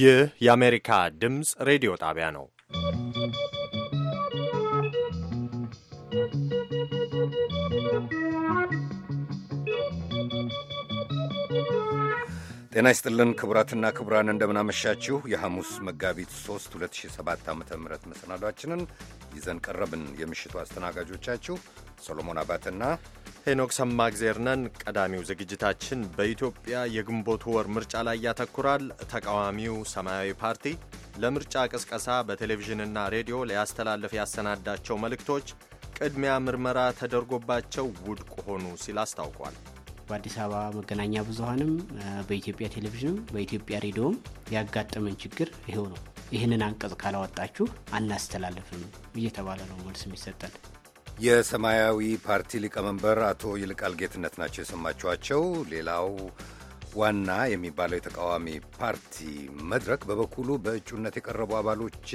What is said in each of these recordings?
ይህ የአሜሪካ ድምፅ ሬዲዮ ጣቢያ ነው። ጤና ይስጥልን ክቡራትና ክቡራን፣ እንደምናመሻችሁ። የሐሙስ መጋቢት 3 2007 ዓ ም መሰናዷችንን ይዘን ቀረብን። የምሽቱ አስተናጋጆቻችሁ ሰሎሞን አባተና ሄኖክ ሰማግዜር ቀዳሚው ዝግጅታችን በኢትዮጵያ የግንቦት ወር ምርጫ ላይ ያተኩራል። ተቃዋሚው ሰማያዊ ፓርቲ ለምርጫ ቅስቀሳ በቴሌቪዥንና ሬዲዮ ሊያስተላልፍ ያሰናዳቸው መልእክቶች ቅድሚያ ምርመራ ተደርጎባቸው ውድቅ ሆኑ ሲል አስታውቋል። በአዲስ አበባ መገናኛ ብዙሀንም በኢትዮጵያ ቴሌቪዥንም በኢትዮጵያ ሬዲዮም ያጋጠመን ችግር ይሄው ነው። ይህንን አንቀጽ ካላወጣችሁ አናስተላልፍም እየተባለ ነው መልስ የሚሰጠን። የሰማያዊ ፓርቲ ሊቀመንበር አቶ ይልቃል ጌትነት ናቸው የሰማችኋቸው። ሌላው ዋና የሚባለው የተቃዋሚ ፓርቲ መድረክ በበኩሉ በእጩነት የቀረቡ አባሎቼ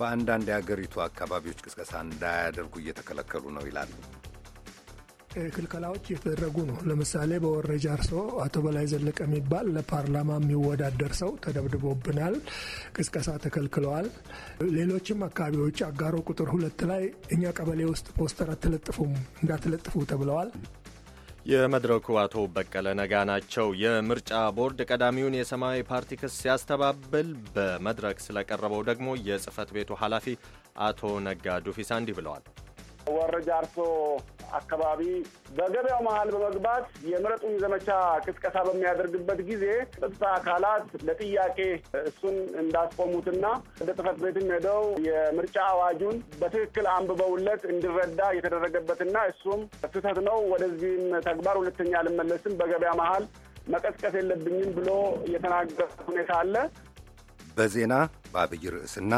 በአንዳንድ የአገሪቱ አካባቢዎች ቅስቀሳ እንዳያደርጉ እየተከለከሉ ነው ይላል። ክልከላዎች የተደረጉ ነው። ለምሳሌ በወረ ጃርሶ አቶ በላይ ዘለቀ የሚባል ለፓርላማ የሚወዳደር ሰው ተደብድቦብናል፣ ቅስቀሳ ተከልክለዋል። ሌሎችም አካባቢዎች አጋሮ ቁጥር ሁለት ላይ እኛ ቀበሌ ውስጥ ፖስተር አትለጥፉም እንዳትለጥፉ ተብለዋል። የመድረኩ አቶ በቀለ ነጋ ናቸው። የምርጫ ቦርድ ቀዳሚውን የሰማያዊ ፓርቲ ክስ ሲያስተባብል በመድረክ ስለቀረበው ደግሞ የጽህፈት ቤቱ ኃላፊ አቶ ነጋ ዱፊሳ እንዲህ ብለዋል። ወረ ጃርሶ አካባቢ በገበያው መሀል በመግባት የምረጡኝ ዘመቻ ቅስቀሳ በሚያደርግበት ጊዜ ጸጥታ አካላት ለጥያቄ እሱን እንዳስቆሙትና ወደ ጽሕፈት ቤትም ሄደው የምርጫ አዋጁን በትክክል አንብበውለት እንዲረዳ የተደረገበትና እሱም ስህተት ነው፣ ወደዚህም ተግባር ሁለተኛ አልመለስም፣ በገበያ መሀል መቀስቀስ የለብኝም ብሎ የተናገረ ሁኔታ አለ። በዜና በአብይ ርዕስና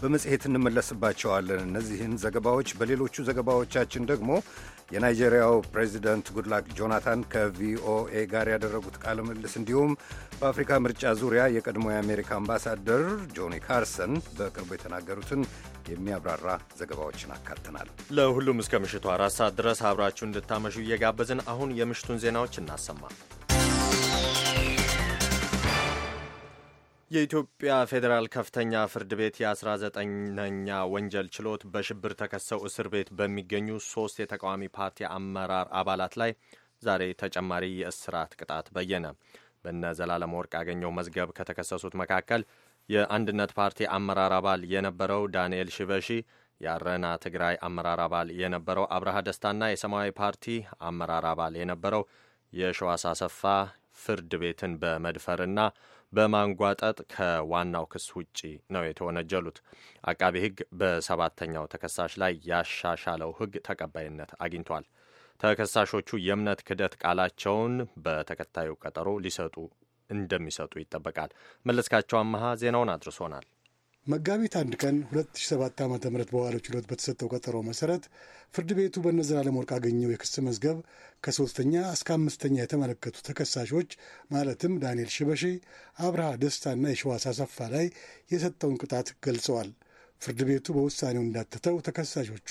በመጽሔት እንመለስባቸዋለን። እነዚህን ዘገባዎች በሌሎቹ ዘገባዎቻችን ደግሞ የናይጄሪያው ፕሬዚደንት ጉድላክ ጆናታን ከቪኦኤ ጋር ያደረጉት ቃለ ምልልስ እንዲሁም በአፍሪካ ምርጫ ዙሪያ የቀድሞ የአሜሪካ አምባሳደር ጆኒ ካርሰን በቅርቡ የተናገሩትን የሚያብራራ ዘገባዎችን አካትናል። ለሁሉም እስከ ምሽቱ አራት ሰዓት ድረስ አብራችሁ እንድታመሹ እየጋበዝን አሁን የምሽቱን ዜናዎች እናሰማ። የኢትዮጵያ ፌዴራል ከፍተኛ ፍርድ ቤት የ19ኛ ወንጀል ችሎት በሽብር ተከሰው እስር ቤት በሚገኙ ሶስት የተቃዋሚ ፓርቲ አመራር አባላት ላይ ዛሬ ተጨማሪ የእስራት ቅጣት በየነ። በነ ዘላለም ወርቅ ያገኘው መዝገብ ከተከሰሱት መካከል የአንድነት ፓርቲ አመራር አባል የነበረው ዳንኤል ሽበሺ፣ የአረና ትግራይ አመራር አባል የነበረው አብርሃ ደስታና የሰማያዊ ፓርቲ አመራር አባል የነበረው የሸዋስ አሰፋ ፍርድ ቤትን በመድፈርና በማንጓጠጥ ከዋናው ክስ ውጪ ነው የተወነጀሉት። አቃቤ ሕግ በሰባተኛው ተከሳሽ ላይ ያሻሻለው ሕግ ተቀባይነት አግኝቷል። ተከሳሾቹ የእምነት ክደት ቃላቸውን በተከታዩ ቀጠሮ ሊሰጡ እንደሚሰጡ ይጠበቃል። መለስካቸው አመሃ ዜናውን አድርሶናል። መጋቢት አንድ ቀን 2007 ዓ ም በዋለው ችሎት በተሰጠው ቀጠሮ መሰረት ፍርድ ቤቱ በእነ ዘላለም ወርቅ አገኘው የክስ መዝገብ ከሶስተኛ እስከ አምስተኛ የተመለከቱ ተከሳሾች ማለትም ዳንኤል ሽበሺ፣ አብርሃ ደስታና የሸዋስ አሰፋ ላይ የሰጠውን ቅጣት ገልጸዋል። ፍርድ ቤቱ በውሳኔው እንዳተተው ተከሳሾቹ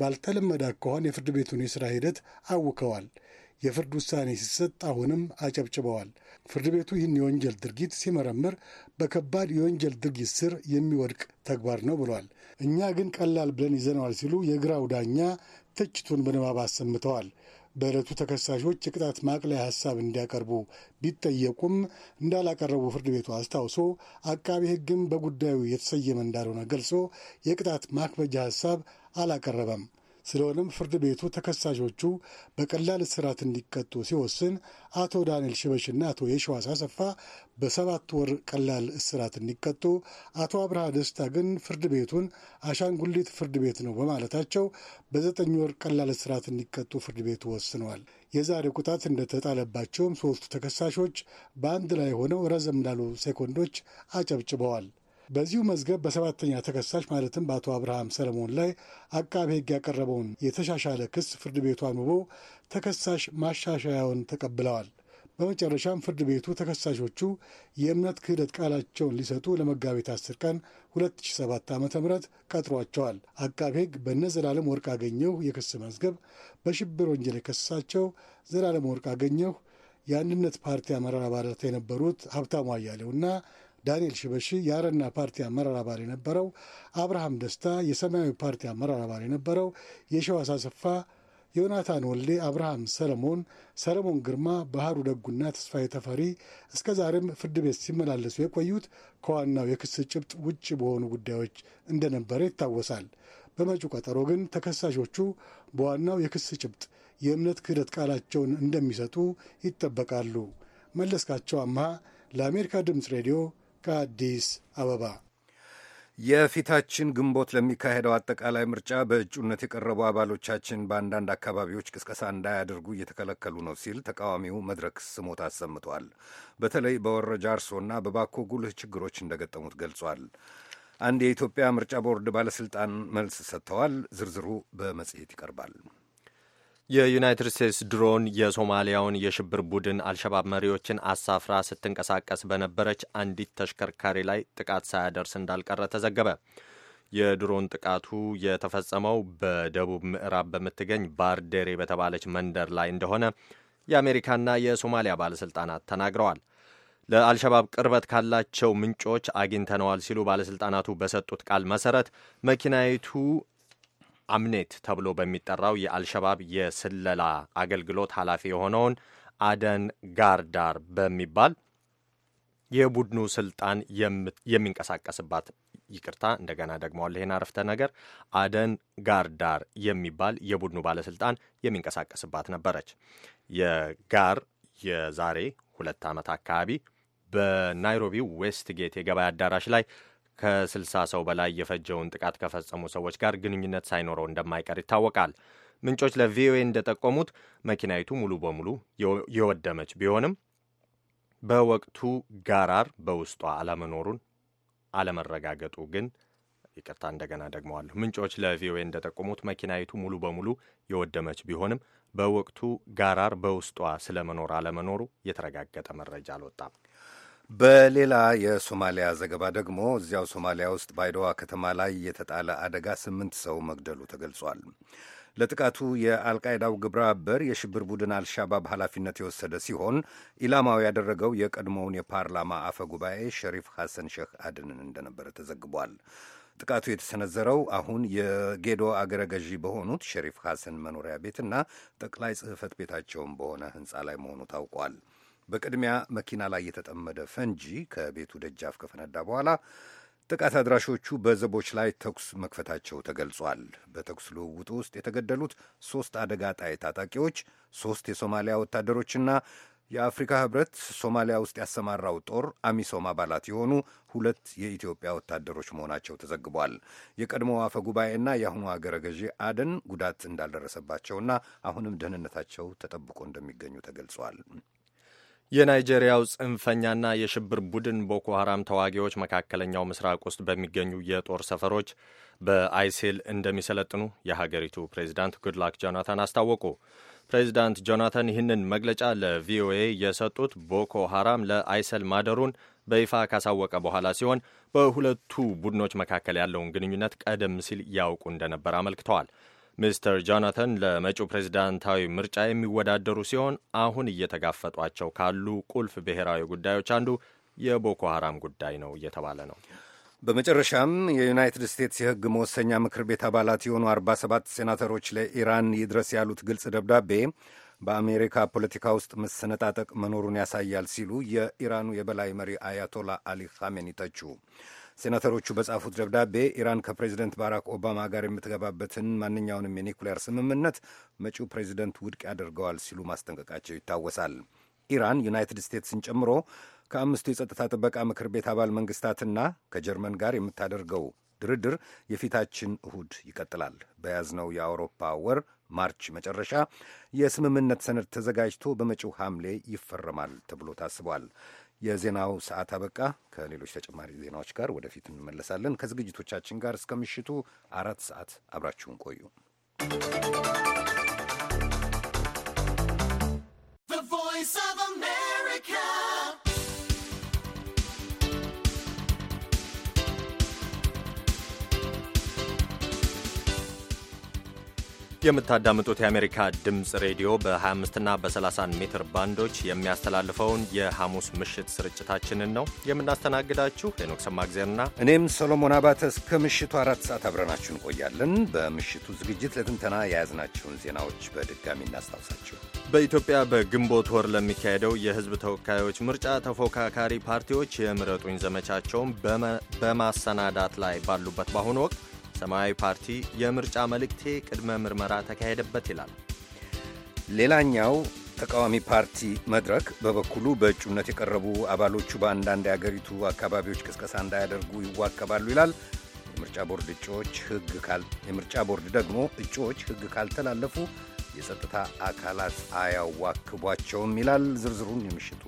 ባልተለመደ አኳኋን የፍርድ ቤቱን የሥራ ሂደት አውከዋል። የፍርድ ውሳኔ ሲሰጥ አሁንም አጨብጭበዋል። ፍርድ ቤቱ ይህን የወንጀል ድርጊት ሲመረምር በከባድ የወንጀል ድርጊት ስር የሚወድቅ ተግባር ነው ብሏል። እኛ ግን ቀላል ብለን ይዘነዋል ሲሉ የግራው ዳኛ ትችቱን በንባብ አሰምተዋል። በዕለቱ ተከሳሾች የቅጣት ማቅለያ ሀሳብ እንዲያቀርቡ ቢጠየቁም እንዳላቀረቡ ፍርድ ቤቱ አስታውሶ አቃቢ ሕግም በጉዳዩ የተሰየመ እንዳልሆነ ገልጾ የቅጣት ማክበጃ ሀሳብ አላቀረበም። ስለሆነም ፍርድ ቤቱ ተከሳሾቹ በቀላል እስራት እንዲቀጡ ሲወስን አቶ ዳንኤል ሽበሽና አቶ የሸዋስ አሰፋ በሰባት ወር ቀላል እስራት እንዲቀጡ፣ አቶ አብርሃ ደስታ ግን ፍርድ ቤቱን አሻንጉሊት ፍርድ ቤት ነው በማለታቸው በዘጠኝ ወር ቀላል እስራት እንዲቀጡ ፍርድ ቤቱ ወስነዋል። የዛሬ ቁጣት እንደተጣለባቸውም ሶስቱ ተከሳሾች በአንድ ላይ ሆነው ረዘም ላሉ ሴኮንዶች አጨብጭበዋል። በዚሁ መዝገብ በሰባተኛ ተከሳሽ ማለትም በአቶ አብርሃም ሰለሞን ላይ አቃቤ ሕግ ያቀረበውን የተሻሻለ ክስ ፍርድ ቤቱ አንብቦ ተከሳሽ ማሻሻያውን ተቀብለዋል። በመጨረሻም ፍርድ ቤቱ ተከሳሾቹ የእምነት ክህደት ቃላቸውን ሊሰጡ ለመጋቢት 10 ቀን 2007 ዓ ም ቀጥሯቸዋል። አቃቤ ሕግ በነ ዘላለም ወርቅ አገኘሁ የክስ መዝገብ በሽብር ወንጀል የከሳቸው ዘላለም ወርቅ አገኘሁ፣ የአንድነት ፓርቲ አመራር አባላት የነበሩት ሀብታሙ አያሌውና ዳንኤል ሽበሺ የአረና ፓርቲ አመራር አባል የነበረው፣ አብርሃም ደስታ የሰማያዊ ፓርቲ አመራር አባል የነበረው፣ የሸዋስ አሰፋ፣ ዮናታን ወልዴ፣ አብርሃም ሰለሞን፣ ሰለሞን ግርማ፣ ባህሩ ደጉና ተስፋዬ ተፈሪ እስከ ዛሬም ፍርድ ቤት ሲመላለሱ የቆዩት ከዋናው የክስ ጭብጥ ውጭ በሆኑ ጉዳዮች እንደነበረ ይታወሳል። በመጪው ቀጠሮ ግን ተከሳሾቹ በዋናው የክስ ጭብጥ የእምነት ክህደት ቃላቸውን እንደሚሰጡ ይጠበቃሉ። መለስካቸው አምሃ ለአሜሪካ ድምፅ ሬዲዮ ከአዲስ አበባ የፊታችን ግንቦት ለሚካሄደው አጠቃላይ ምርጫ በእጩነት የቀረቡ አባሎቻችን በአንዳንድ አካባቢዎች ቅስቀሳ እንዳያደርጉ እየተከለከሉ ነው ሲል ተቃዋሚው መድረክ ስሞት አሰምቷል። በተለይ በወረጃ አርሶና በባኮ ጉልህ ችግሮች እንደገጠሙት ገልጿል። አንድ የኢትዮጵያ ምርጫ ቦርድ ባለሥልጣን መልስ ሰጥተዋል። ዝርዝሩ በመጽሔት ይቀርባል። የዩናይትድ ስቴትስ ድሮን የሶማሊያውን የሽብር ቡድን አልሸባብ መሪዎችን አሳፍራ ስትንቀሳቀስ በነበረች አንዲት ተሽከርካሪ ላይ ጥቃት ሳያደርስ እንዳልቀረ ተዘገበ። የድሮን ጥቃቱ የተፈጸመው በደቡብ ምዕራብ በምትገኝ ባርዴሬ በተባለች መንደር ላይ እንደሆነ የአሜሪካና የሶማሊያ ባለሥልጣናት ተናግረዋል። ለአልሸባብ ቅርበት ካላቸው ምንጮች አግኝተነዋል ሲሉ ባለሥልጣናቱ በሰጡት ቃል መሠረት መኪናይቱ አምኔት ተብሎ በሚጠራው የአልሸባብ የስለላ አገልግሎት ኃላፊ የሆነውን አደን ጋርዳር በሚባል የቡድኑ ስልጣን የሚንቀሳቀስባት ይቅርታ፣ እንደገና ደግሞ ይህን አረፍተ ነገር አደን ጋርዳር የሚባል የቡድኑ ባለስልጣን የሚንቀሳቀስባት ነበረች። የጋር የዛሬ ሁለት ዓመት አካባቢ በናይሮቢ ጌት የገበያ አዳራሽ ላይ ከ60 ሰው በላይ የፈጀውን ጥቃት ከፈጸሙ ሰዎች ጋር ግንኙነት ሳይኖረው እንደማይቀር ይታወቃል። ምንጮች ለቪኦኤ እንደጠቆሙት መኪናይቱ ሙሉ በሙሉ የወደመች ቢሆንም በወቅቱ ጋራር በውስጧ አለመኖሩን አለመረጋገጡ ግን ይቅርታ፣ እንደገና ደግመዋለሁ። ምንጮች ለቪኦኤ እንደጠቆሙት መኪናይቱ ሙሉ በሙሉ የወደመች ቢሆንም በወቅቱ ጋራር በውስጧ ስለመኖር አለመኖሩ የተረጋገጠ መረጃ አልወጣም። በሌላ የሶማሊያ ዘገባ ደግሞ እዚያው ሶማሊያ ውስጥ ባይዶዋ ከተማ ላይ የተጣለ አደጋ ስምንት ሰው መግደሉ ተገልጿል። ለጥቃቱ የአልቃይዳው ግብረ አበር የሽብር ቡድን አልሻባብ ኃላፊነት የወሰደ ሲሆን ኢላማው ያደረገው የቀድሞውን የፓርላማ አፈ ጉባኤ ሸሪፍ ሐሰን ሼህ አድንን እንደነበረ ተዘግቧል። ጥቃቱ የተሰነዘረው አሁን የጌዶ አገረ ገዢ በሆኑት ሸሪፍ ሐሰን መኖሪያ ቤትና ጠቅላይ ጽህፈት ቤታቸውን በሆነ ህንፃ ላይ መሆኑ ታውቋል። በቅድሚያ መኪና ላይ የተጠመደ ፈንጂ ከቤቱ ደጃፍ ከፈነዳ በኋላ ጥቃት አድራሾቹ በዘቦች ላይ ተኩስ መክፈታቸው ተገልጿል። በተኩስ ልውውጡ ውስጥ የተገደሉት ሦስት አደጋ ጣይ ታጣቂዎች፣ ሦስት የሶማሊያ ወታደሮችና የአፍሪካ ህብረት ሶማሊያ ውስጥ ያሰማራው ጦር አሚሶም አባላት የሆኑ ሁለት የኢትዮጵያ ወታደሮች መሆናቸው ተዘግቧል። የቀድሞ አፈ ጉባኤና የአሁኑ አገረ ገዢ አደን ጉዳት እንዳልደረሰባቸውና አሁንም ደህንነታቸው ተጠብቆ እንደሚገኙ ተገልጿል። የናይጄሪያው ጽንፈኛና የሽብር ቡድን ቦኮ ሀራም ተዋጊዎች መካከለኛው ምስራቅ ውስጥ በሚገኙ የጦር ሰፈሮች በአይሲል እንደሚሰለጥኑ የሀገሪቱ ፕሬዚዳንት ጉድላክ ጆናታን አስታወቁ። ፕሬዚዳንት ጆናታን ይህንን መግለጫ ለቪኦኤ የሰጡት ቦኮ ሀራም ለአይሰል ማደሩን በይፋ ካሳወቀ በኋላ ሲሆን በሁለቱ ቡድኖች መካከል ያለውን ግንኙነት ቀደም ሲል ያውቁ እንደነበር አመልክተዋል። ሚስተር ጆናተን ለመጪው ፕሬዝዳንታዊ ምርጫ የሚወዳደሩ ሲሆን አሁን እየተጋፈጧቸው ካሉ ቁልፍ ብሔራዊ ጉዳዮች አንዱ የቦኮ ሐራም ጉዳይ ነው እየተባለ ነው። በመጨረሻም የዩናይትድ ስቴትስ የሕግ መወሰኛ ምክር ቤት አባላት የሆኑ 47 ሴናተሮች ለኢራን ይድረስ ያሉት ግልጽ ደብዳቤ በአሜሪካ ፖለቲካ ውስጥ መሰነጣጠቅ መኖሩን ያሳያል ሲሉ የኢራኑ የበላይ መሪ አያቶላ አሊ ኻሜኒ ተቹ። ሴናተሮቹ በጻፉት ደብዳቤ ኢራን ከፕሬዚደንት ባራክ ኦባማ ጋር የምትገባበትን ማንኛውንም የኒኩሊያር ስምምነት መጪው ፕሬዚደንት ውድቅ ያደርገዋል ሲሉ ማስጠንቀቃቸው ይታወሳል። ኢራን ዩናይትድ ስቴትስን ጨምሮ ከአምስቱ የጸጥታ ጥበቃ ምክር ቤት አባል መንግስታትና ከጀርመን ጋር የምታደርገው ድርድር የፊታችን እሁድ ይቀጥላል። በያዝነው የአውሮፓ ወር ማርች መጨረሻ የስምምነት ሰነድ ተዘጋጅቶ በመጪው ሐምሌ ይፈረማል ተብሎ ታስቧል። የዜናው ሰዓት አበቃ። ከሌሎች ተጨማሪ ዜናዎች ጋር ወደፊት እንመለሳለን። ከዝግጅቶቻችን ጋር እስከ ምሽቱ አራት ሰዓት አብራችሁን ቆዩ። የምታዳምጡት የአሜሪካ ድምፅ ሬዲዮ በ25 እና በ30 ሜትር ባንዶች የሚያስተላልፈውን የሐሙስ ምሽት ስርጭታችንን ነው የምናስተናግዳችሁ። ሄኖክ ሰማግዜርና እኔም ሰሎሞን አባተ እስከ ምሽቱ አራት ሰዓት አብረናችሁ እንቆያለን። በምሽቱ ዝግጅት ለትንተና የያዝናቸውን ዜናዎች በድጋሚ እናስታውሳችሁ። በኢትዮጵያ በግንቦት ወር ለሚካሄደው የህዝብ ተወካዮች ምርጫ ተፎካካሪ ፓርቲዎች የምረጡኝ ዘመቻቸውን በማሰናዳት ላይ ባሉበት በአሁኑ ወቅት ሰማያዊ ፓርቲ የምርጫ መልእክቴ ቅድመ ምርመራ ተካሄደበት ይላል። ሌላኛው ተቃዋሚ ፓርቲ መድረክ በበኩሉ በእጩነት የቀረቡ አባሎቹ በአንዳንድ የአገሪቱ አካባቢዎች ቅስቀሳ እንዳያደርጉ ይዋከባሉ ይላል። የምርጫ ቦርድ እጩዎች ሕግ የምርጫ ቦርድ ደግሞ እጩዎች ሕግ ካልተላለፉ የጸጥታ አካላት አያዋክቧቸውም ይላል። ዝርዝሩን የምሽቱ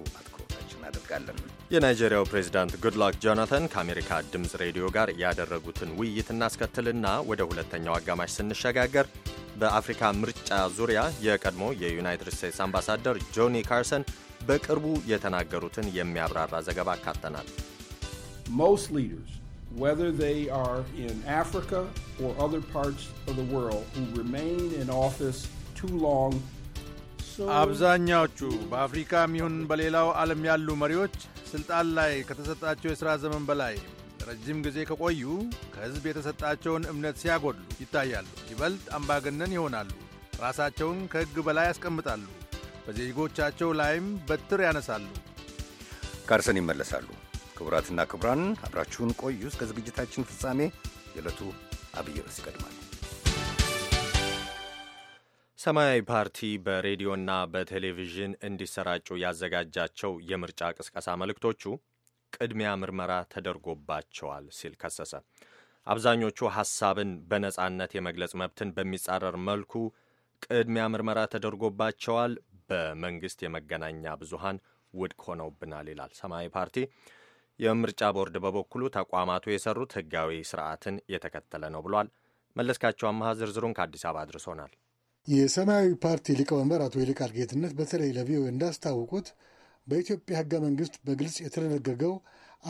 እናደርጋለን። የናይጄሪያው ፕሬዚዳንት ጉድላክ ጆናተን ከአሜሪካ ድምፅ ሬዲዮ ጋር ያደረጉትን ውይይት እናስከትልና ወደ ሁለተኛው አጋማሽ ስንሸጋገር በአፍሪካ ምርጫ ዙሪያ የቀድሞ የዩናይትድ ስቴትስ አምባሳደር ጆኒ ካርሰን በቅርቡ የተናገሩትን የሚያብራራ ዘገባ አካተናል። Most leaders, whether they are in Africa or other parts of the world, who remain in office too long አብዛኛዎቹ በአፍሪካም ይሁን በሌላው ዓለም ያሉ መሪዎች ሥልጣን ላይ ከተሰጣቸው የሥራ ዘመን በላይ ረጅም ጊዜ ከቆዩ ከሕዝብ የተሰጣቸውን እምነት ሲያጎድሉ ይታያሉ። ይበልጥ አምባገነን ይሆናሉ። ራሳቸውን ከሕግ በላይ ያስቀምጣሉ። በዜጎቻቸው ላይም በትር ያነሳሉ። ካርሰን ይመለሳሉ። ክቡራትና ክቡራን አብራችሁን ቆዩ። እስከ ዝግጅታችን ፍጻሜ የዕለቱ አብይ ርዕስ ይቀድማል። ሰማያዊ ፓርቲ በሬዲዮና በቴሌቪዥን እንዲሰራጩ ያዘጋጃቸው የምርጫ ቅስቀሳ መልእክቶቹ ቅድሚያ ምርመራ ተደርጎባቸዋል ሲል ከሰሰ። አብዛኞቹ ሐሳብን በነጻነት የመግለጽ መብትን በሚጻረር መልኩ ቅድሚያ ምርመራ ተደርጎባቸዋል፣ በመንግሥት የመገናኛ ብዙሃን ውድቅ ሆነውብናል ይላል ሰማያዊ ፓርቲ። የምርጫ ቦርድ በበኩሉ ተቋማቱ የሰሩት ሕጋዊ ስርዓትን የተከተለ ነው ብሏል። መለስካቸው አማሃ ዝርዝሩን ከአዲስ አበባ አድርሶናል። የሰማያዊ ፓርቲ ሊቀመንበር አቶ ይልቃል ጌትነት በተለይ ለቪኦኤ እንዳስታወቁት በኢትዮጵያ ህገ መንግስት በግልጽ የተደነገገው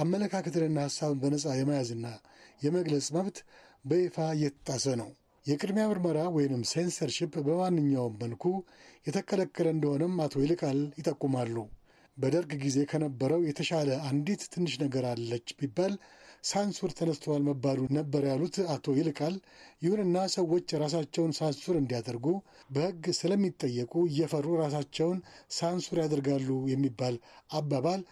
አመለካከትንና ሀሳብን በነፃ የመያዝና የመግለጽ መብት በይፋ እየተጣሰ ነው። የቅድሚያ ምርመራ ወይንም ሴንሰርሺፕ በማንኛውም መልኩ የተከለከለ እንደሆነም አቶ ይልቃል ይጠቁማሉ። በደርግ ጊዜ ከነበረው የተሻለ አንዲት ትንሽ ነገር አለች ቢባል ሳንሱር ተነስተዋል መባሉ ነበር ያሉት አቶ ይልቃል፣ ይሁንና ሰዎች ራሳቸውን ሳንሱር እንዲያደርጉ በሕግ ስለሚጠየቁ እየፈሩ ራሳቸውን ሳንሱር ያደርጋሉ የሚባል አባባል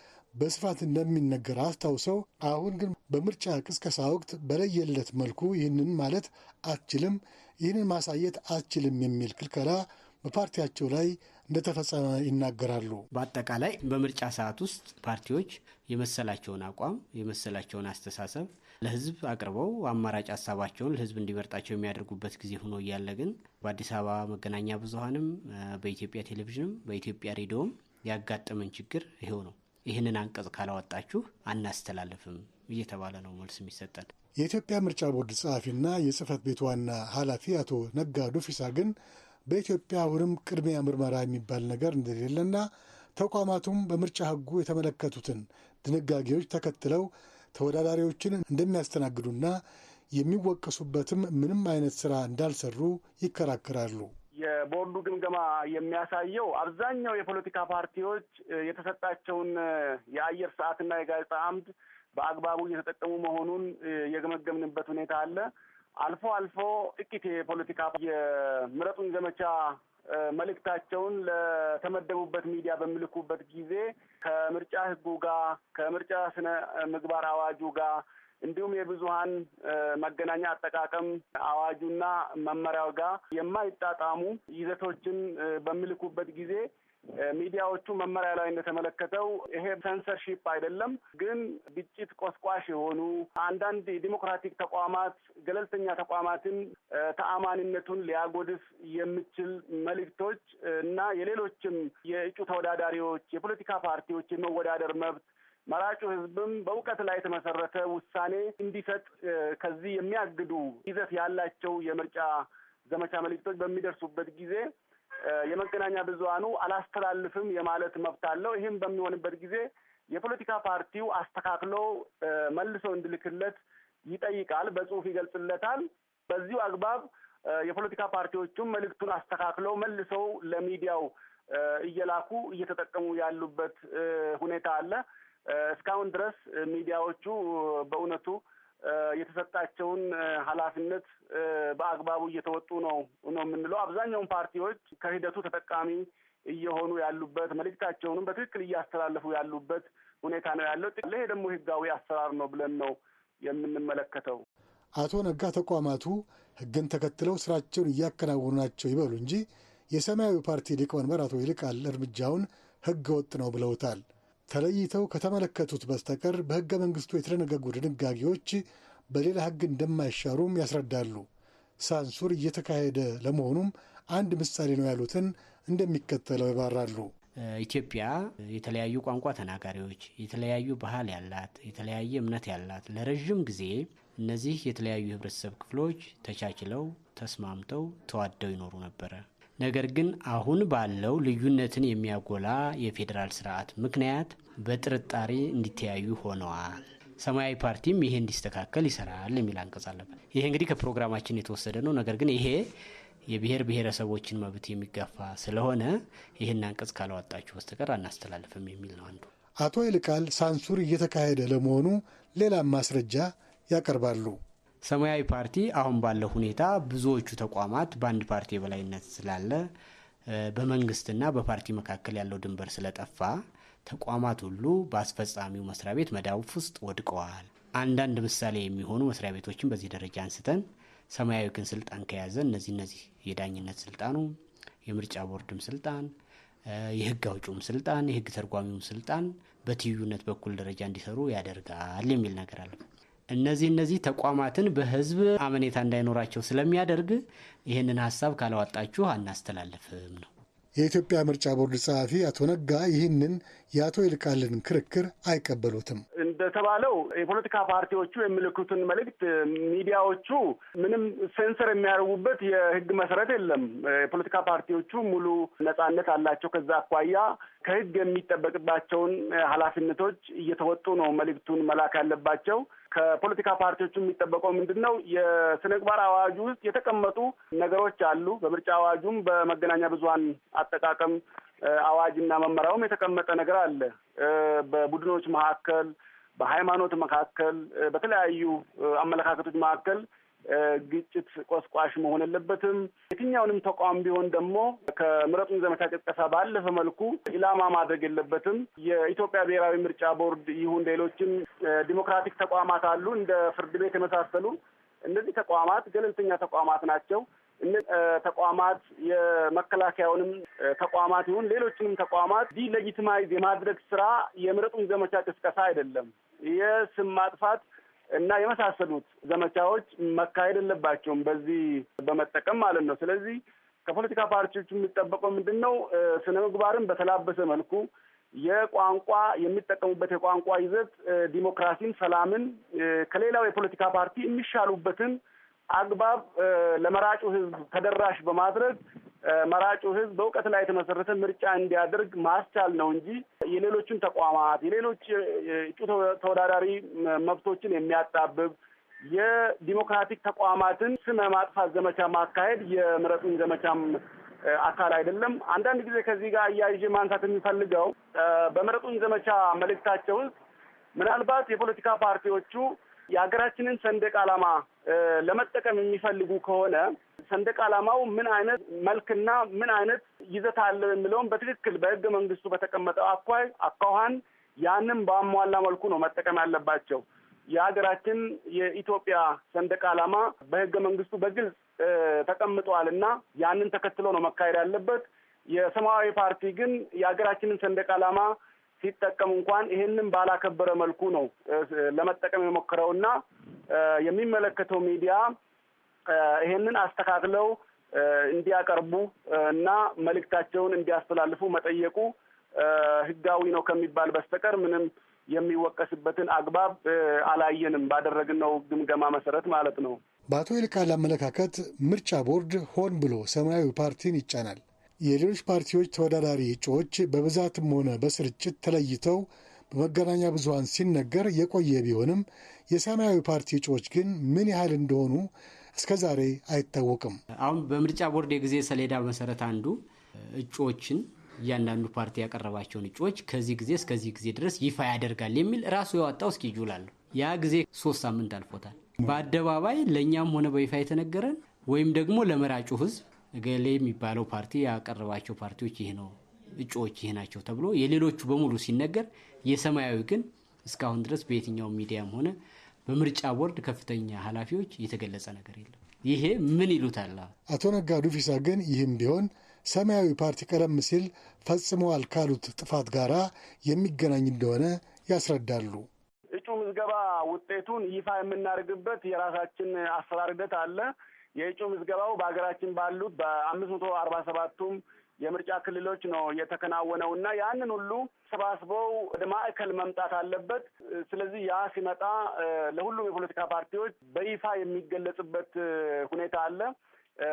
በስፋት እንደሚነገር አስታውሰው አሁን ግን በምርጫ ቅስቀሳ ወቅት በለየለት መልኩ ይህንን ማለት አትችልም፣ ይህንን ማሳየት አትችልም የሚል ክልከላ በፓርቲያቸው ላይ እንደተፈጸመ ይናገራሉ። በአጠቃላይ በምርጫ ሰዓት ውስጥ ፓርቲዎች የመሰላቸውን አቋም የመሰላቸውን አስተሳሰብ ለህዝብ አቅርበው አማራጭ ሀሳባቸውን ለህዝብ እንዲመርጣቸው የሚያደርጉበት ጊዜ ሆኖ እያለ ግን በአዲስ አበባ መገናኛ ብዙሀንም በኢትዮጵያ ቴሌቪዥንም በኢትዮጵያ ሬዲዮም ያጋጠመን ችግር ይሄው ነው። ይህንን አንቀጽ ካላወጣችሁ አናስተላልፍም እየተባለ ነው መልስ የሚሰጠን። የኢትዮጵያ ምርጫ ቦርድ ጸሐፊና የጽህፈት ቤት ዋና ኃላፊ አቶ ነጋ ዱፊሳ ግን በኢትዮጵያ አሁንም ቅድሚያ ምርመራ የሚባል ነገር እንደሌለና ተቋማቱም በምርጫ ህጉ የተመለከቱትን ድንጋጌዎች ተከትለው ተወዳዳሪዎችን እንደሚያስተናግዱና የሚወቀሱበትም ምንም አይነት ስራ እንዳልሰሩ ይከራከራሉ። የቦርዱ ግምገማ የሚያሳየው አብዛኛው የፖለቲካ ፓርቲዎች የተሰጣቸውን የአየር ሰዓትና የጋዜጣ አምድ በአግባቡ እየተጠቀሙ መሆኑን የገመገምንበት ሁኔታ አለ። አልፎ አልፎ ጥቂት የፖለቲካ የምረጡን ዘመቻ መልእክታቸውን ለተመደቡበት ሚዲያ በሚልኩበት ጊዜ ከምርጫ ህጉ ጋር ከምርጫ ስነ ምግባር አዋጁ ጋር እንዲሁም የብዙሀን መገናኛ አጠቃቀም አዋጁና መመሪያው ጋር የማይጣጣሙ ይዘቶችን በሚልኩበት ጊዜ ሚዲያዎቹ መመሪያ ላይ እንደተመለከተው ይሄ ሰንሰርሺፕ አይደለም፣ ግን ግጭት ቆስቋሽ የሆኑ አንዳንድ የዲሞክራቲክ ተቋማት ገለልተኛ ተቋማትን ተአማኒነቱን ሊያጎድፍ የሚችል መልእክቶች እና የሌሎችም የእጩ ተወዳዳሪዎች የፖለቲካ ፓርቲዎች የመወዳደር መብት መራጩ ህዝብም በእውቀት ላይ የተመሰረተ ውሳኔ እንዲሰጥ ከዚህ የሚያግዱ ይዘት ያላቸው የምርጫ ዘመቻ መልእክቶች በሚደርሱበት ጊዜ የመገናኛ ብዙሀኑ አላስተላልፍም የማለት መብት አለው። ይህም በሚሆንበት ጊዜ የፖለቲካ ፓርቲው አስተካክሎ መልሶ እንዲልክለት ይጠይቃል፣ በጽሁፍ ይገልጽለታል። በዚሁ አግባብ የፖለቲካ ፓርቲዎቹም መልእክቱን አስተካክለው መልሰው ለሚዲያው እየላኩ እየተጠቀሙ ያሉበት ሁኔታ አለ። እስካሁን ድረስ ሚዲያዎቹ በእውነቱ የተሰጣቸውን ኃላፊነት በአግባቡ እየተወጡ ነው ነው የምንለው። አብዛኛውን ፓርቲዎች ከሂደቱ ተጠቃሚ እየሆኑ ያሉበት መልእክታቸውንም በትክክል እያስተላለፉ ያሉበት ሁኔታ ነው ያለው። ይሄ ደግሞ ህጋዊ አሰራር ነው ብለን ነው የምንመለከተው። አቶ ነጋ ተቋማቱ ህግን ተከትለው ስራቸውን እያከናወኑ ናቸው ይበሉ እንጂ የሰማያዊ ፓርቲ ሊቀመንበር አቶ ይልቃል እርምጃውን ህገ ወጥ ነው ብለውታል። ተለይተው ከተመለከቱት በስተቀር በሕገ መንግሥቱ የተደነገጉ ድንጋጌዎች በሌላ ሕግ እንደማይሻሩም ያስረዳሉ። ሳንሱር እየተካሄደ ለመሆኑም አንድ ምሳሌ ነው ያሉትን እንደሚከተለው ይባራሉ። ኢትዮጵያ የተለያዩ ቋንቋ ተናጋሪዎች፣ የተለያዩ ባህል ያላት፣ የተለያየ እምነት ያላት ለረዥም ጊዜ እነዚህ የተለያዩ የህብረተሰብ ክፍሎች ተቻችለው ተስማምተው ተዋደው ይኖሩ ነበረ። ነገር ግን አሁን ባለው ልዩነትን የሚያጎላ የፌዴራል ስርዓት ምክንያት በጥርጣሬ እንዲተያዩ ሆነዋል። ሰማያዊ ፓርቲም ይሄ እንዲስተካከል ይሰራል የሚል አንቀጽ አለበት። ይሄ እንግዲህ ከፕሮግራማችን የተወሰደ ነው። ነገር ግን ይሄ የብሔር ብሔረሰቦችን መብት የሚጋፋ ስለሆነ ይህን አንቀጽ ካላወጣችሁ በስተቀር አናስተላልፍም የሚል ነው አንዱ። አቶ ይልቃል ሳንሱር እየተካሄደ ለመሆኑ ሌላም ማስረጃ ያቀርባሉ። ሰማያዊ ፓርቲ አሁን ባለው ሁኔታ ብዙዎቹ ተቋማት በአንድ ፓርቲ የበላይነት ስላለ በመንግስትና በፓርቲ መካከል ያለው ድንበር ስለጠፋ ተቋማት ሁሉ በአስፈጻሚው መስሪያ ቤት መዳፍ ውስጥ ወድቀዋል። አንዳንድ ምሳሌ የሚሆኑ መስሪያ ቤቶችን በዚህ ደረጃ አንስተን ሰማያዊ ግን ስልጣን ከያዘ እነዚህ እነዚህ የዳኝነት ስልጣኑ፣ የምርጫ ቦርድም ስልጣን፣ የህግ አውጭም ስልጣን፣ የህግ ተርጓሚውም ስልጣን በትይዩነት በኩል ደረጃ እንዲሰሩ ያደርጋል የሚል ነገር አለ። እነዚህ እነዚህ ተቋማትን በህዝብ አመኔታ እንዳይኖራቸው ስለሚያደርግ ይህንን ሀሳብ ካላወጣችሁ አናስተላልፍም ነው። የኢትዮጵያ ምርጫ ቦርድ ጸሐፊ አቶ ነጋ ይህንን የአቶ ይልቃልን ክርክር አይቀበሉትም። እንደተባለው የፖለቲካ ፓርቲዎቹ የሚልኩትን መልእክት ሚዲያዎቹ ምንም ሴንሰር የሚያደርጉበት የህግ መሰረት የለም። የፖለቲካ ፓርቲዎቹ ሙሉ ነጻነት አላቸው። ከዛ አኳያ ከህግ የሚጠበቅባቸውን ኃላፊነቶች እየተወጡ ነው መልእክቱን መላክ ያለባቸው። ከፖለቲካ ፓርቲዎቹ የሚጠበቀው ምንድን ነው? የስነ ምግባር አዋጁ ውስጥ የተቀመጡ ነገሮች አሉ። በምርጫ አዋጁም በመገናኛ ብዙሀን አጠቃቀም አዋጅና መመሪያውም የተቀመጠ ነገር አለ። በቡድኖች መካከል፣ በሃይማኖት መካከል፣ በተለያዩ አመለካከቶች መካከል ግጭት ቆስቋሽ መሆን የለበትም። የትኛውንም ተቋም ቢሆን ደግሞ ከምረጡን ዘመቻ ቅስቀሳ ባለፈ መልኩ ኢላማ ማድረግ የለበትም። የኢትዮጵያ ብሔራዊ ምርጫ ቦርድ ይሁን ሌሎችም ዲሞክራቲክ ተቋማት አሉ፣ እንደ ፍርድ ቤት የመሳሰሉ እነዚህ ተቋማት ገለልተኛ ተቋማት ናቸው። ተቋማት የመከላከያውንም ተቋማት ይሁን ሌሎችንም ተቋማት ዲሌጂትማይዝ የማድረግ ስራ የምረጡኝ ዘመቻ ቅስቀሳ አይደለም። የስም ማጥፋት እና የመሳሰሉት ዘመቻዎች መካሄድ የለባቸውም፣ በዚህ በመጠቀም ማለት ነው። ስለዚህ ከፖለቲካ ፓርቲዎች የሚጠበቀው ምንድን ነው? ስነ ምግባርን በተላበሰ መልኩ የቋንቋ የሚጠቀሙበት የቋንቋ ይዘት ዲሞክራሲን፣ ሰላምን ከሌላው የፖለቲካ ፓርቲ የሚሻሉበትን አግባብ ለመራጩ ህዝብ ተደራሽ በማድረግ መራጩ ህዝብ በእውቀት ላይ የተመሰረተ ምርጫ እንዲያደርግ ማስቻል ነው እንጂ የሌሎችን ተቋማት የሌሎች እጩ ተወዳዳሪ መብቶችን የሚያጣብብ የዲሞክራቲክ ተቋማትን ስም ማጥፋት ዘመቻ ማካሄድ የምረጡኝ ዘመቻም አካል አይደለም። አንዳንድ ጊዜ ከዚህ ጋር አያይዤ ማንሳት የሚፈልገው በምረጡኝ ዘመቻ መልእክታቸው ውስጥ ምናልባት የፖለቲካ ፓርቲዎቹ የሀገራችንን ሰንደቅ ዓላማ ለመጠቀም የሚፈልጉ ከሆነ ሰንደቅ ዓላማው ምን አይነት መልክና ምን አይነት ይዘት አለው የሚለውን በትክክል በህገ መንግስቱ በተቀመጠው አኳይ አኳኋን ያንን በአሟላ መልኩ ነው መጠቀም ያለባቸው። የሀገራችን የኢትዮጵያ ሰንደቅ ዓላማ በህገ መንግስቱ በግልጽ ተቀምጠዋል እና ያንን ተከትሎ ነው መካሄድ ያለበት። የሰማያዊ ፓርቲ ግን የሀገራችንን ሰንደቅ ዓላማ ሲጠቀም እንኳን ይህንን ባላከበረ መልኩ ነው ለመጠቀም እና የሚመለከተው ሚዲያ ይህንን አስተካክለው እንዲያቀርቡ እና መልእክታቸውን እንዲያስተላልፉ መጠየቁ ህጋዊ ነው ከሚባል በስተቀር ምንም የሚወቀስበትን አግባብ አላየንም፣ ባደረግነው ግምገማ መሰረት ማለት ነው። በአቶ ይልቃል አመለካከት ምርጫ ቦርድ ሆን ብሎ ሰማያዊ ፓርቲን ይጫናል የሌሎች ፓርቲዎች ተወዳዳሪ እጩዎች በብዛትም ሆነ በስርጭት ተለይተው በመገናኛ ብዙሀን ሲነገር የቆየ ቢሆንም የሰማያዊ ፓርቲ እጩዎች ግን ምን ያህል እንደሆኑ እስከ ዛሬ አይታወቅም። አሁን በምርጫ ቦርድ የጊዜ ሰሌዳ መሰረት አንዱ እጩዎችን እያንዳንዱ ፓርቲ ያቀረባቸውን እጩዎች ከዚህ ጊዜ እስከዚህ ጊዜ ድረስ ይፋ ያደርጋል የሚል ራሱ ያወጣው እስኪ አለው። ያ ጊዜ ሶስት ሳምንት አልፎታል። በአደባባይ ለእኛም ሆነ በይፋ የተነገረን ወይም ደግሞ ለመራጩ ህዝብ። እገሌ የሚባለው ፓርቲ ያቀረባቸው ፓርቲዎች ይህ ነው፣ እጩዎች ይህ ናቸው ተብሎ የሌሎቹ በሙሉ ሲነገር የሰማያዊ ግን እስካሁን ድረስ በየትኛው ሚዲያም ሆነ በምርጫ ቦርድ ከፍተኛ ኃላፊዎች የተገለጸ ነገር የለም። ይሄ ምን ይሉታል? አቶ ነጋዱ ፊሳ ግን ይህም ቢሆን ሰማያዊ ፓርቲ ቀደም ሲል ፈጽመዋል ካሉት ጥፋት ጋራ የሚገናኝ እንደሆነ ያስረዳሉ። እጩ ምዝገባ ውጤቱን ይፋ የምናደርግበት የራሳችን አሰራር ሂደት አለ። የእጩ ምዝገባው በሀገራችን ባሉት በአምስት መቶ አርባ ሰባቱም የምርጫ ክልሎች ነው የተከናወነው እና ያንን ሁሉ ሰባስበው ወደ ማዕከል መምጣት አለበት። ስለዚህ ያ ሲመጣ ለሁሉም የፖለቲካ ፓርቲዎች በይፋ የሚገለጽበት ሁኔታ አለ።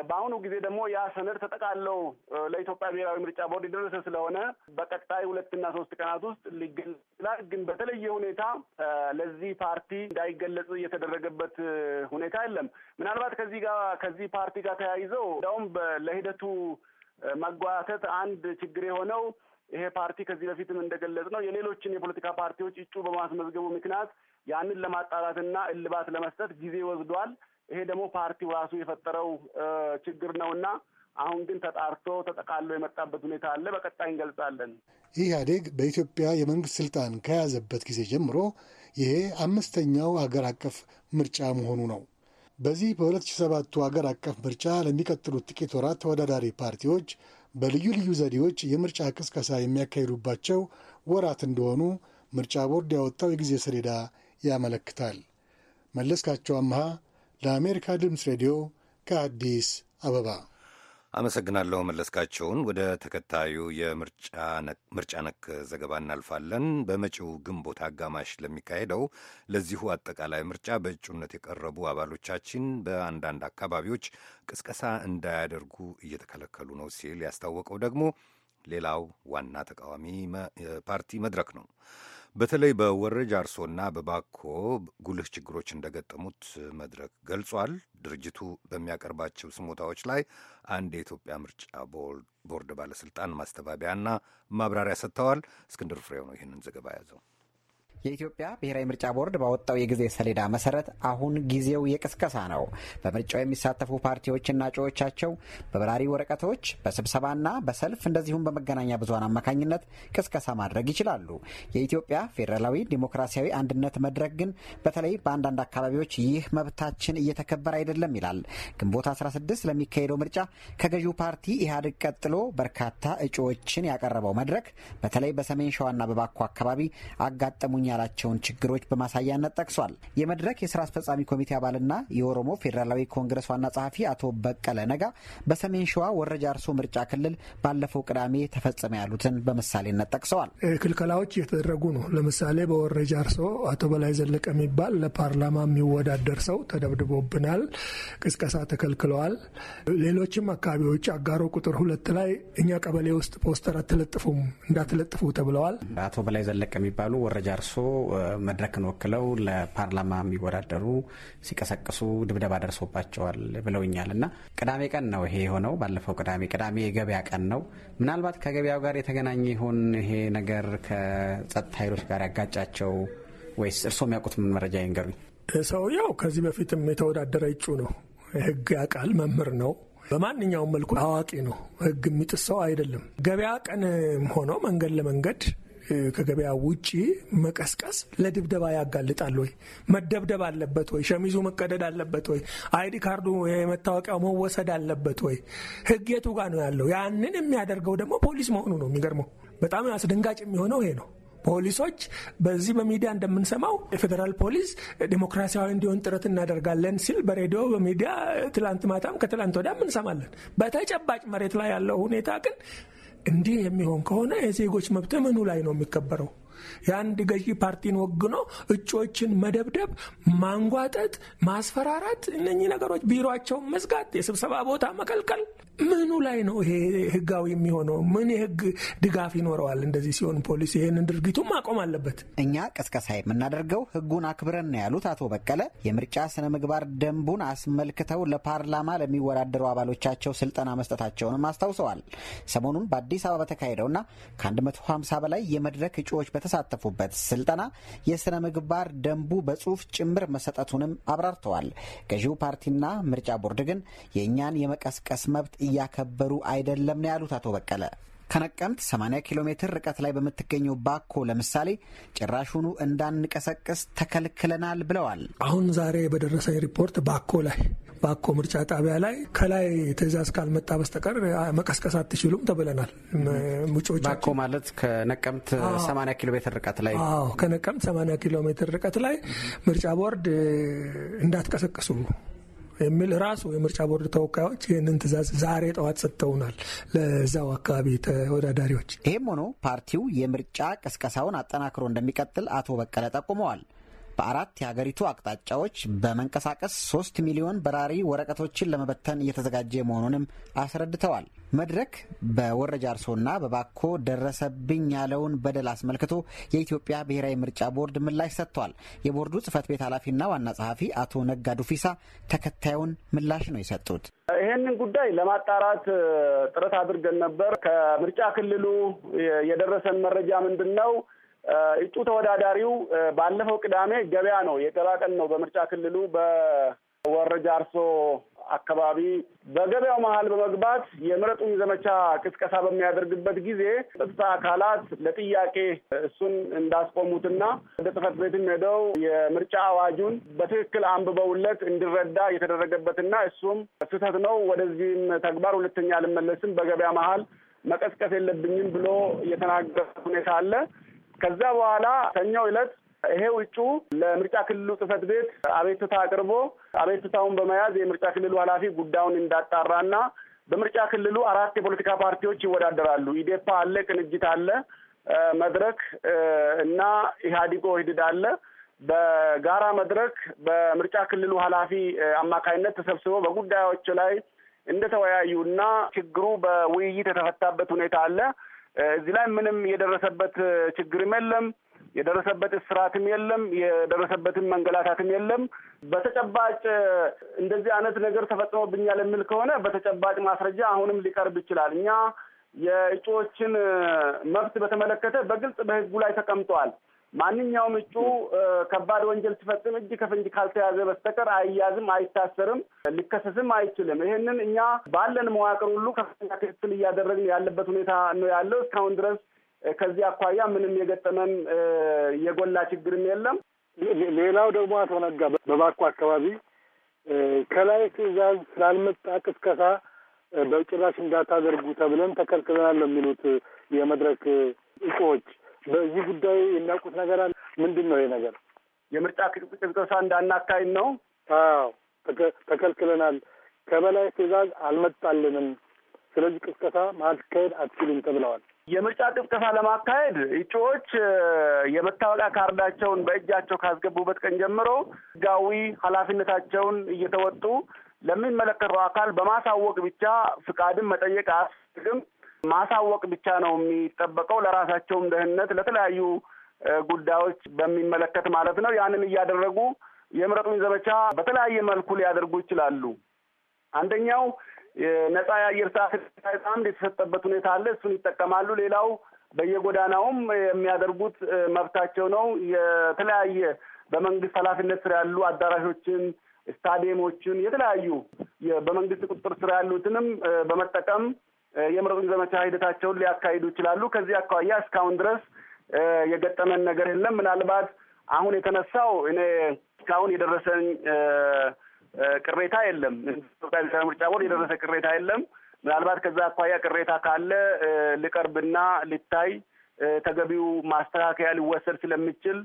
በአሁኑ ጊዜ ደግሞ ያ ሰነድ ተጠቃለው ለኢትዮጵያ ብሔራዊ ምርጫ ቦርድ የደረሰ ስለሆነ በቀጣይ ሁለትና ሶስት ቀናት ውስጥ ሊገለጽ ይችላል። ግን በተለየ ሁኔታ ለዚህ ፓርቲ እንዳይገለጽ እየተደረገበት ሁኔታ የለም። ምናልባት ከዚህ ጋር ከዚህ ፓርቲ ጋር ተያይዘው እንዲያውም ለሂደቱ መጓተት አንድ ችግር የሆነው ይሄ ፓርቲ ከዚህ በፊትም እንደገለጽ ነው የሌሎችን የፖለቲካ ፓርቲዎች እጩ በማስመዝገቡ ምክንያት ያንን ለማጣራትና እልባት ለመስጠት ጊዜ ወስዷል። ይሄ ደግሞ ፓርቲው ራሱ የፈጠረው ችግር እና አሁን ግን ተጣርቶ ተጠቃሎ የመጣበት ሁኔታ አለ። በቀጣይ እንገልጻለን። ኢህአዴግ በኢትዮጵያ የመንግስት ስልጣን ከያዘበት ጊዜ ጀምሮ ይሄ አምስተኛው አገር አቀፍ ምርጫ መሆኑ ነው። በዚህ በ2007ቱ አገር አቀፍ ምርጫ ለሚቀጥሉት ጥቂት ወራት ተወዳዳሪ ፓርቲዎች በልዩ ልዩ ዘዴዎች የምርጫ ቅስቀሳ የሚያካሂዱባቸው ወራት እንደሆኑ ምርጫ ቦርድ ያወጣው የጊዜ ሰሌዳ ያመለክታል። መለስካቸው አምሃ ለአሜሪካ ድምፅ ሬዲዮ ከአዲስ አበባ አመሰግናለሁ መለስካቸውን። ወደ ተከታዩ የምርጫ ነክ ዘገባ እናልፋለን። በመጪው ግንቦት አጋማሽ ለሚካሄደው ለዚሁ አጠቃላይ ምርጫ በእጩነት የቀረቡ አባሎቻችን በአንዳንድ አካባቢዎች ቅስቀሳ እንዳያደርጉ እየተከለከሉ ነው ሲል ያስታወቀው ደግሞ ሌላው ዋና ተቃዋሚ ፓርቲ መድረክ ነው። በተለይ በወረጅ አርሶና በባኮ ጉልህ ችግሮች እንደገጠሙት መድረክ ገልጿል። ድርጅቱ በሚያቀርባቸው ስሞታዎች ላይ አንድ የኢትዮጵያ ምርጫ ቦርድ ባለስልጣን ማስተባበያና ማብራሪያ ሰጥተዋል። እስክንድር ፍሬው ነው ይህንን ዘገባ ያዘው። የኢትዮጵያ ብሔራዊ ምርጫ ቦርድ ባወጣው የጊዜ ሰሌዳ መሰረት አሁን ጊዜው የቅስቀሳ ነው። በምርጫው የሚሳተፉ ፓርቲዎችና እጩዎቻቸው በበራሪ ወረቀቶች፣ በስብሰባና በሰልፍ እንደዚሁም በመገናኛ ብዙሀን አማካኝነት ቅስቀሳ ማድረግ ይችላሉ። የኢትዮጵያ ፌዴራላዊ ዴሞክራሲያዊ አንድነት መድረክ ግን በተለይ በአንዳንድ አካባቢዎች ይህ መብታችን እየተከበረ አይደለም ይላል። ግንቦት 16 ለሚካሄደው ምርጫ ከገዢው ፓርቲ ኢህአዴግ ቀጥሎ በርካታ እጩዎችን ያቀረበው መድረክ በተለይ በሰሜን ሸዋና በባኮ አካባቢ አጋጠሙኝ ያላቸውን ችግሮች በማሳያነት ጠቅሷል። የመድረክ የስራ አስፈጻሚ ኮሚቴ አባልና የኦሮሞ ፌዴራላዊ ኮንግረስ ዋና ጸሐፊ አቶ በቀለ ነጋ በሰሜን ሸዋ ወረጃ አርሶ ምርጫ ክልል ባለፈው ቅዳሜ ተፈጸመ ያሉትን በምሳሌነት ጠቅሰዋል። ክልከላዎች እየተደረጉ ነው። ለምሳሌ በወረጃ አርሶ አቶ በላይ ዘለቀ የሚባል ለፓርላማ የሚወዳደር ሰው ተደብድቦብናል፣ ቅስቀሳ ተከልክለዋል። ሌሎችም አካባቢዎች አጋሮ ቁጥር ሁለት ላይ እኛ ቀበሌ ውስጥ ፖስተር አትለጥፉም እንዳትለጥፉ ተብለዋል። አቶ በላይ ዘለቀ የሚባሉ ወረጃ አርሶ መድረክን ወክለው ለፓርላማ የሚወዳደሩ ሲቀሰቅሱ ድብደባ ደርሶባቸዋል ብለውኛል እና ቅዳሜ ቀን ነው ይሄ የሆነው። ባለፈው ቅዳሜ ቅዳሜ የገበያ ቀን ነው። ምናልባት ከገበያው ጋር የተገናኘ ይሆን ይሄ ነገር ከጸጥታ ኃይሎች ጋር ያጋጫቸው ወይስ እርስዎ የሚያውቁት ምን መረጃ ይንገሩኝ። ሰውየው ከዚህ በፊትም የተወዳደረ እጩ ነው። ህግ ያውቃል። መምህር ነው። በማንኛውም መልኩ አዋቂ ነው። ህግ የሚጥስ ሰው አይደለም። ገበያ ቀን ሆኖ መንገድ ለመንገድ ከገበያ ውጭ መቀስቀስ ለድብደባ ያጋልጣል ወይ? መደብደብ አለበት ወይ? ሸሚዙ መቀደድ አለበት ወይ? አይዲ ካርዱ የመታወቂያው መወሰድ አለበት ወይ? ህግ የቱ ጋር ነው ያለው? ያንን የሚያደርገው ደግሞ ፖሊስ መሆኑ ነው የሚገርመው። በጣም አስደንጋጭ የሚሆነው ይሄ ነው። ፖሊሶች በዚህ በሚዲያ እንደምንሰማው የፌዴራል ፖሊስ ዲሞክራሲያዊ እንዲሆን ጥረት እናደርጋለን ሲል በሬዲዮ በሚዲያ ትላንት ማታም ከትላንት ወዲያም እንሰማለን። በተጨባጭ መሬት ላይ ያለው ሁኔታ ግን እንዲህ የሚሆን ከሆነ የዜጎች መብት ምኑ ላይ ነው የሚከበረው? የአንድ ገዢ ፓርቲን ወግኖ እጩዎችን መደብደብ፣ ማንጓጠጥ፣ ማስፈራራት፣ እነኚህ ነገሮች ቢሮቸውን መዝጋት፣ የስብሰባ ቦታ መከልከል ምኑ ላይ ነው ይሄ ህጋዊ የሚሆነው? ምን የህግ ድጋፍ ይኖረዋል? እንደዚህ ሲሆን ፖሊስ ይህንን ድርጊቱ ማቆም አለበት። እኛ ቀስቀሳ የምናደርገው ህጉን አክብረን ነው ያሉት አቶ በቀለ የምርጫ ስነ ምግባር ደንቡን አስመልክተው ለፓርላማ ለሚወዳደሩ አባሎቻቸው ስልጠና መስጠታቸውንም አስታውሰዋል። ሰሞኑን በአዲስ አበባ በተካሄደውና ከ150 በላይ የመድረክ እጩዎች በተ የተሳተፉበት ስልጠና የሥነ ምግባር ደንቡ በጽሑፍ ጭምር መሰጠቱንም አብራርተዋል። ገዢው ፓርቲና ምርጫ ቦርድ ግን የእኛን የመቀስቀስ መብት እያከበሩ አይደለም ነው ያሉት አቶ በቀለ። ከነቀምት 80 ኪሎ ሜትር ርቀት ላይ በምትገኘው ባኮ ለምሳሌ ጭራሹኑ እንዳንቀሰቅስ ተከልክለናል ብለዋል። አሁን ዛሬ በደረሰ ሪፖርት ባኮ ላይ በአኮ ምርጫ ጣቢያ ላይ ከላይ ትእዛዝ ካልመጣ በስተቀር መቀስቀስ አትችሉም ተብለናል። ሙጮቻችን ማለት ከነቀምት 80 ኪሎ ሜትር ርቀት ላይ ከነቀምት 80 ኪሎ ሜትር ርቀት ላይ ምርጫ ቦርድ እንዳትቀሰቅሱ የሚል ራሱ የምርጫ ቦርድ ተወካዮች ይህንን ትእዛዝ ዛሬ ጠዋት ሰጥተውናል ለዛው አካባቢ ተወዳዳሪዎች። ይህም ሆኖ ፓርቲው የምርጫ ቅስቀሳውን አጠናክሮ እንደሚቀጥል አቶ በቀለ ጠቁመዋል። በአራት የሀገሪቱ አቅጣጫዎች በመንቀሳቀስ ሶስት ሚሊዮን በራሪ ወረቀቶችን ለመበተን እየተዘጋጀ መሆኑንም አስረድተዋል። መድረክ በወረጃ አርሶና በባኮ ደረሰብኝ ያለውን በደል አስመልክቶ የኢትዮጵያ ብሔራዊ ምርጫ ቦርድ ምላሽ ሰጥቷል። የቦርዱ ጽህፈት ቤት ኃላፊና ዋና ጸሐፊ አቶ ነጋዱ ፊሳ ተከታዩን ምላሽ ነው የሰጡት። ይህንን ጉዳይ ለማጣራት ጥረት አድርገን ነበር። ከምርጫ ክልሉ የደረሰን መረጃ ምንድን ነው? እጩ ተወዳዳሪው ባለፈው ቅዳሜ ገበያ ነው የገበያ ቀን ነው በምርጫ ክልሉ በወረ ጃርሶ አካባቢ በገበያው መሀል በመግባት የምረጡን ዘመቻ ቅስቀሳ በሚያደርግበት ጊዜ ጸጥታ አካላት ለጥያቄ እሱን እንዳስቆሙትና ወደ ጽሕፈት ቤትም ሄደው የምርጫ አዋጁን በትክክል አንብበውለት እንዲረዳ የተደረገበትና እሱም ስህተት ነው፣ ወደዚህም ተግባር ሁለተኛ አልመለስም፣ በገበያ መሀል መቀስቀስ የለብኝም ብሎ የተናገረ ሁኔታ አለ። ከዛ በኋላ ሰኞው ዕለት ይሄ ውጩ ለምርጫ ክልሉ ጽህፈት ቤት አቤቱታ አቅርቦ አቤቱታውን በመያዝ የምርጫ ክልሉ ኃላፊ ጉዳዩን እንዳጣራና በምርጫ ክልሉ አራት የፖለቲካ ፓርቲዎች ይወዳደራሉ። ኢዴፓ አለ፣ ቅንጅት አለ፣ መድረክ እና ኢህአዲጎ ሂድድ አለ። በጋራ መድረክ በምርጫ ክልሉ ኃላፊ አማካኝነት ተሰብስበው በጉዳዮች ላይ እንደተወያዩና ችግሩ በውይይት የተፈታበት ሁኔታ አለ። እዚህ ላይ ምንም የደረሰበት ችግርም የለም። የደረሰበት እስራትም የለም። የደረሰበትም መንገላታትም የለም። በተጨባጭ እንደዚህ አይነት ነገር ተፈጽሞብኛል የሚል ከሆነ በተጨባጭ ማስረጃ አሁንም ሊቀርብ ይችላል። እኛ የእጩዎችን መብት በተመለከተ በግልጽ በሕጉ ላይ ተቀምጧል። ማንኛውም እጩ ከባድ ወንጀል ሲፈጽም እጅ ከፍንጅ ካልተያዘ በስተቀር አይያዝም፣ አይታሰርም፣ ሊከሰስም አይችልም። ይህንን እኛ ባለን መዋቅር ሁሉ ከፍተኛ ክትትል እያደረግን ያለበት ሁኔታ ነው ያለው። እስካሁን ድረስ ከዚህ አኳያ ምንም የገጠመን የጎላ ችግርም የለም። ሌላው ደግሞ አቶ ነጋ በባኮ አካባቢ ከላይ ትዕዛዝ ስላልመጣ ቅስቀሳ በጭራሽ እንዳታደርጉ ተብለን ተከልክለናል የሚሉት የመድረክ እጩዎች በዚህ ጉዳይ የሚያውቁት ነገር አለ? ምንድን ነው ይሄ ነገር? የምርጫ ቅስቀሳ እንዳናካሄድ ነው። አዎ ተከልክለናል፣ ከበላይ ትዕዛዝ አልመጣልንም። ስለዚህ ቅስቀሳ ማካሄድ አትችሉም ተብለዋል። የምርጫ ቅስቀሳ ለማካሄድ እጩዎች የመታወቂያ ካርዳቸውን በእጃቸው ካስገቡበት ቀን ጀምሮ ሕጋዊ ኃላፊነታቸውን እየተወጡ ለሚመለከተው አካል በማሳወቅ ብቻ ፍቃድን መጠየቅ አያስፈልግም። ማሳወቅ ብቻ ነው የሚጠበቀው። ለራሳቸውም ደህንነት ለተለያዩ ጉዳዮች በሚመለከት ማለት ነው። ያንን እያደረጉ የምረጡኝ ዘመቻ በተለያየ መልኩ ሊያደርጉ ይችላሉ። አንደኛው ነጻ የአየር ሰዓት አምድ የተሰጠበት ሁኔታ አለ። እሱን ይጠቀማሉ። ሌላው በየጎዳናውም የሚያደርጉት መብታቸው ነው። የተለያየ በመንግስት ኃላፊነት ስር ያሉ አዳራሾችን፣ ስታዲየሞችን፣ የተለያዩ በመንግስት ቁጥጥር ስር ያሉትንም በመጠቀም የምረጡኝ ዘመቻ ሂደታቸውን ሊያካሂዱ ይችላሉ። ከዚህ አኳያ እስካሁን ድረስ የገጠመን ነገር የለም። ምናልባት አሁን የተነሳው እኔ እስካሁን የደረሰኝ ቅሬታ የለም። ኢትዮጵያ ብሔራዊ ምርጫ ቦርድ የደረሰ ቅሬታ የለም። ምናልባት ከዛ አኳያ ቅሬታ ካለ ሊቀርብና ሊታይ ተገቢው ማስተካከያ ሊወሰድ ስለሚችል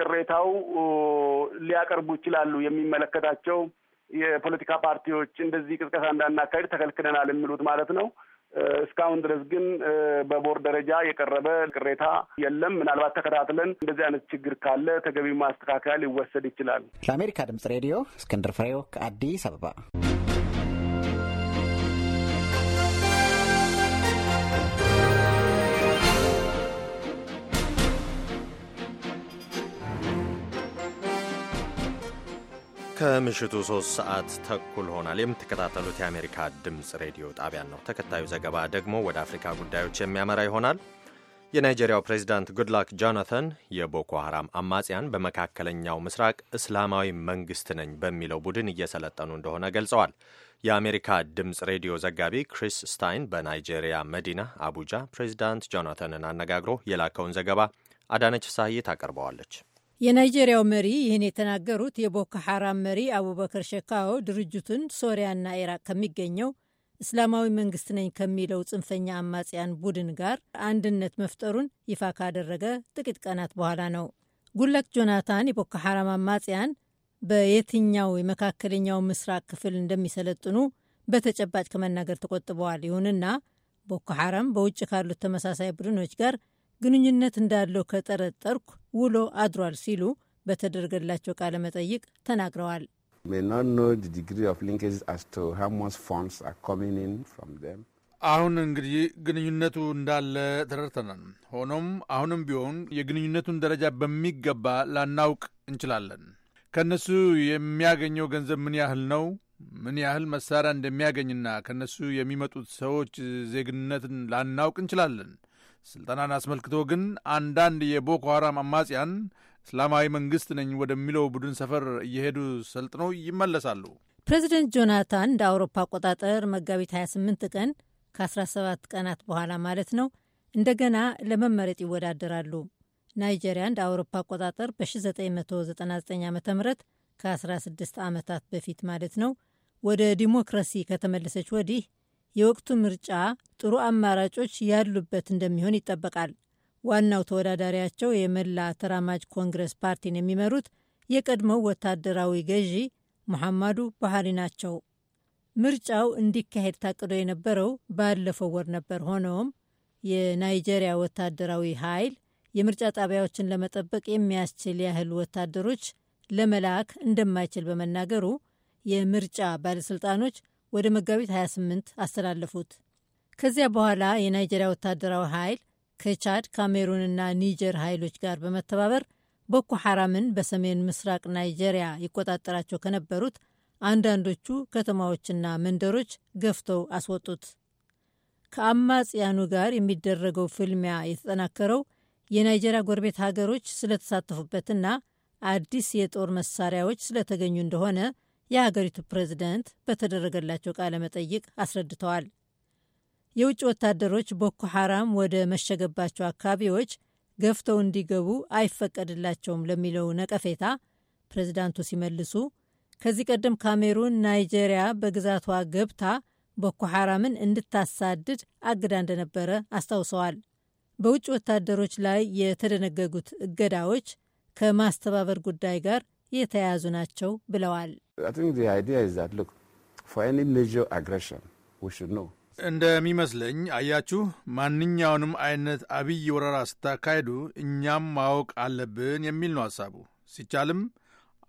ቅሬታው ሊያቀርቡ ይችላሉ የሚመለከታቸው የፖለቲካ ፓርቲዎች እንደዚህ ቅስቀሳ እንዳናካሄድ ተከልክለናል የሚሉት ማለት ነው። እስካሁን ድረስ ግን በቦርድ ደረጃ የቀረበ ቅሬታ የለም። ምናልባት ተከታትለን እንደዚህ አይነት ችግር ካለ ተገቢ ማስተካከያ ሊወሰድ ይችላል። ለአሜሪካ ድምጽ ሬዲዮ እስክንድር ፍሬው ከአዲስ አበባ ከምሽቱ ሶስት ሰዓት ተኩል ሆናል። የምትከታተሉት የአሜሪካ ድምፅ ሬዲዮ ጣቢያን ነው። ተከታዩ ዘገባ ደግሞ ወደ አፍሪካ ጉዳዮች የሚያመራ ይሆናል። የናይጄሪያው ፕሬዚዳንት ጉድላክ ጆናተን የቦኮ ሐራም አማጽያን በመካከለኛው ምስራቅ እስላማዊ መንግስት ነኝ በሚለው ቡድን እየሰለጠኑ እንደሆነ ገልጸዋል። የአሜሪካ ድምፅ ሬዲዮ ዘጋቢ ክሪስ ስታይን በናይጄሪያ መዲና አቡጃ ፕሬዚዳንት ጆናተንን አነጋግሮ የላከውን ዘገባ አዳነች ሳይት አቀርበዋለች። የናይጄሪያው መሪ ይህን የተናገሩት የቦኮ ሐራም መሪ አቡበከር ሸካዎ ድርጅቱን ሶሪያና ኢራቅ ከሚገኘው እስላማዊ መንግስት ነኝ ከሚለው ጽንፈኛ አማጽያን ቡድን ጋር አንድነት መፍጠሩን ይፋ ካደረገ ጥቂት ቀናት በኋላ ነው። ጉላክ ጆናታን የቦኮ ሐራም አማጽያን በየትኛው የመካከለኛው ምስራቅ ክፍል እንደሚሰለጥኑ በተጨባጭ ከመናገር ተቆጥበዋል። ይሁንና ቦኮ ሐራም በውጭ ካሉት ተመሳሳይ ቡድኖች ጋር ግንኙነት እንዳለው ከጠረጠርኩ ውሎ አድሯል ሲሉ በተደረገላቸው ቃለ መጠይቅ ተናግረዋል። አሁን እንግዲህ ግንኙነቱ እንዳለ ተረድተናል። ሆኖም አሁንም ቢሆን የግንኙነቱን ደረጃ በሚገባ ላናውቅ እንችላለን። ከእነሱ የሚያገኘው ገንዘብ ምን ያህል ነው ምን ያህል መሳሪያ እንደሚያገኝና ከእነሱ የሚመጡት ሰዎች ዜግነትን ላናውቅ እንችላለን። ስልጠናን አስመልክቶ ግን አንዳንድ የቦኮ ሐራም አማጽያን እስላማዊ መንግስት ነኝ ወደሚለው ቡድን ሰፈር እየሄዱ ሰልጥነው ይመለሳሉ። ፕሬዚደንት ጆናታን እንደ አውሮፓ አቆጣጠር መጋቢት 28 ቀን ከ17 ቀናት በኋላ ማለት ነው እንደገና ለመመረጥ ይወዳደራሉ። ናይጄሪያ እንደ አውሮፓ አቆጣጠር በ1999 ዓ ም ከ16 ዓመታት በፊት ማለት ነው ወደ ዲሞክራሲ ከተመለሰች ወዲህ የወቅቱ ምርጫ ጥሩ አማራጮች ያሉበት እንደሚሆን ይጠበቃል። ዋናው ተወዳዳሪያቸው የመላ ተራማጅ ኮንግረስ ፓርቲን የሚመሩት የቀድሞው ወታደራዊ ገዢ ሙሐማዱ ቡሃሪ ናቸው። ምርጫው እንዲካሄድ ታቅዶ የነበረው ባለፈው ወር ነበር። ሆኖም የናይጄሪያ ወታደራዊ ኃይል የምርጫ ጣቢያዎችን ለመጠበቅ የሚያስችል ያህል ወታደሮች ለመላክ እንደማይችል በመናገሩ የምርጫ ባለሥልጣኖች ወደ መጋቢት 28 አስተላለፉት። ከዚያ በኋላ የናይጀሪያ ወታደራዊ ኃይል ከቻድ ካሜሩንና ኒጀር ኃይሎች ጋር በመተባበር ቦኮ ሐራምን በሰሜን ምስራቅ ናይጀሪያ ይቆጣጠራቸው ከነበሩት አንዳንዶቹ ከተማዎችና መንደሮች ገፍተው አስወጡት። ከአማጽያኑ ጋር የሚደረገው ፍልሚያ የተጠናከረው የናይጀሪያ ጎረቤት ሀገሮች ስለተሳተፉበትና አዲስ የጦር መሳሪያዎች ስለተገኙ እንደሆነ የሀገሪቱ ፕሬዝደንት በተደረገላቸው ቃለ መጠይቅ አስረድተዋል። የውጭ ወታደሮች ቦኮ ሐራም ወደ መሸገባቸው አካባቢዎች ገፍተው እንዲገቡ አይፈቀድላቸውም ለሚለው ነቀፌታ ፕሬዚዳንቱ ሲመልሱ ከዚህ ቀደም ካሜሩን ናይጄሪያ በግዛቷ ገብታ ቦኮ ሐራምን እንድታሳድድ አግዳ እንደነበረ አስታውሰዋል። በውጭ ወታደሮች ላይ የተደነገጉት እገዳዎች ከማስተባበር ጉዳይ ጋር የተያያዙ ናቸው ብለዋል። እንደሚመስለኝ አያችሁ፣ ማንኛውንም አይነት አብይ ወረራ ስታካሄዱ እኛም ማወቅ አለብን የሚል ነው ሀሳቡ። ሲቻልም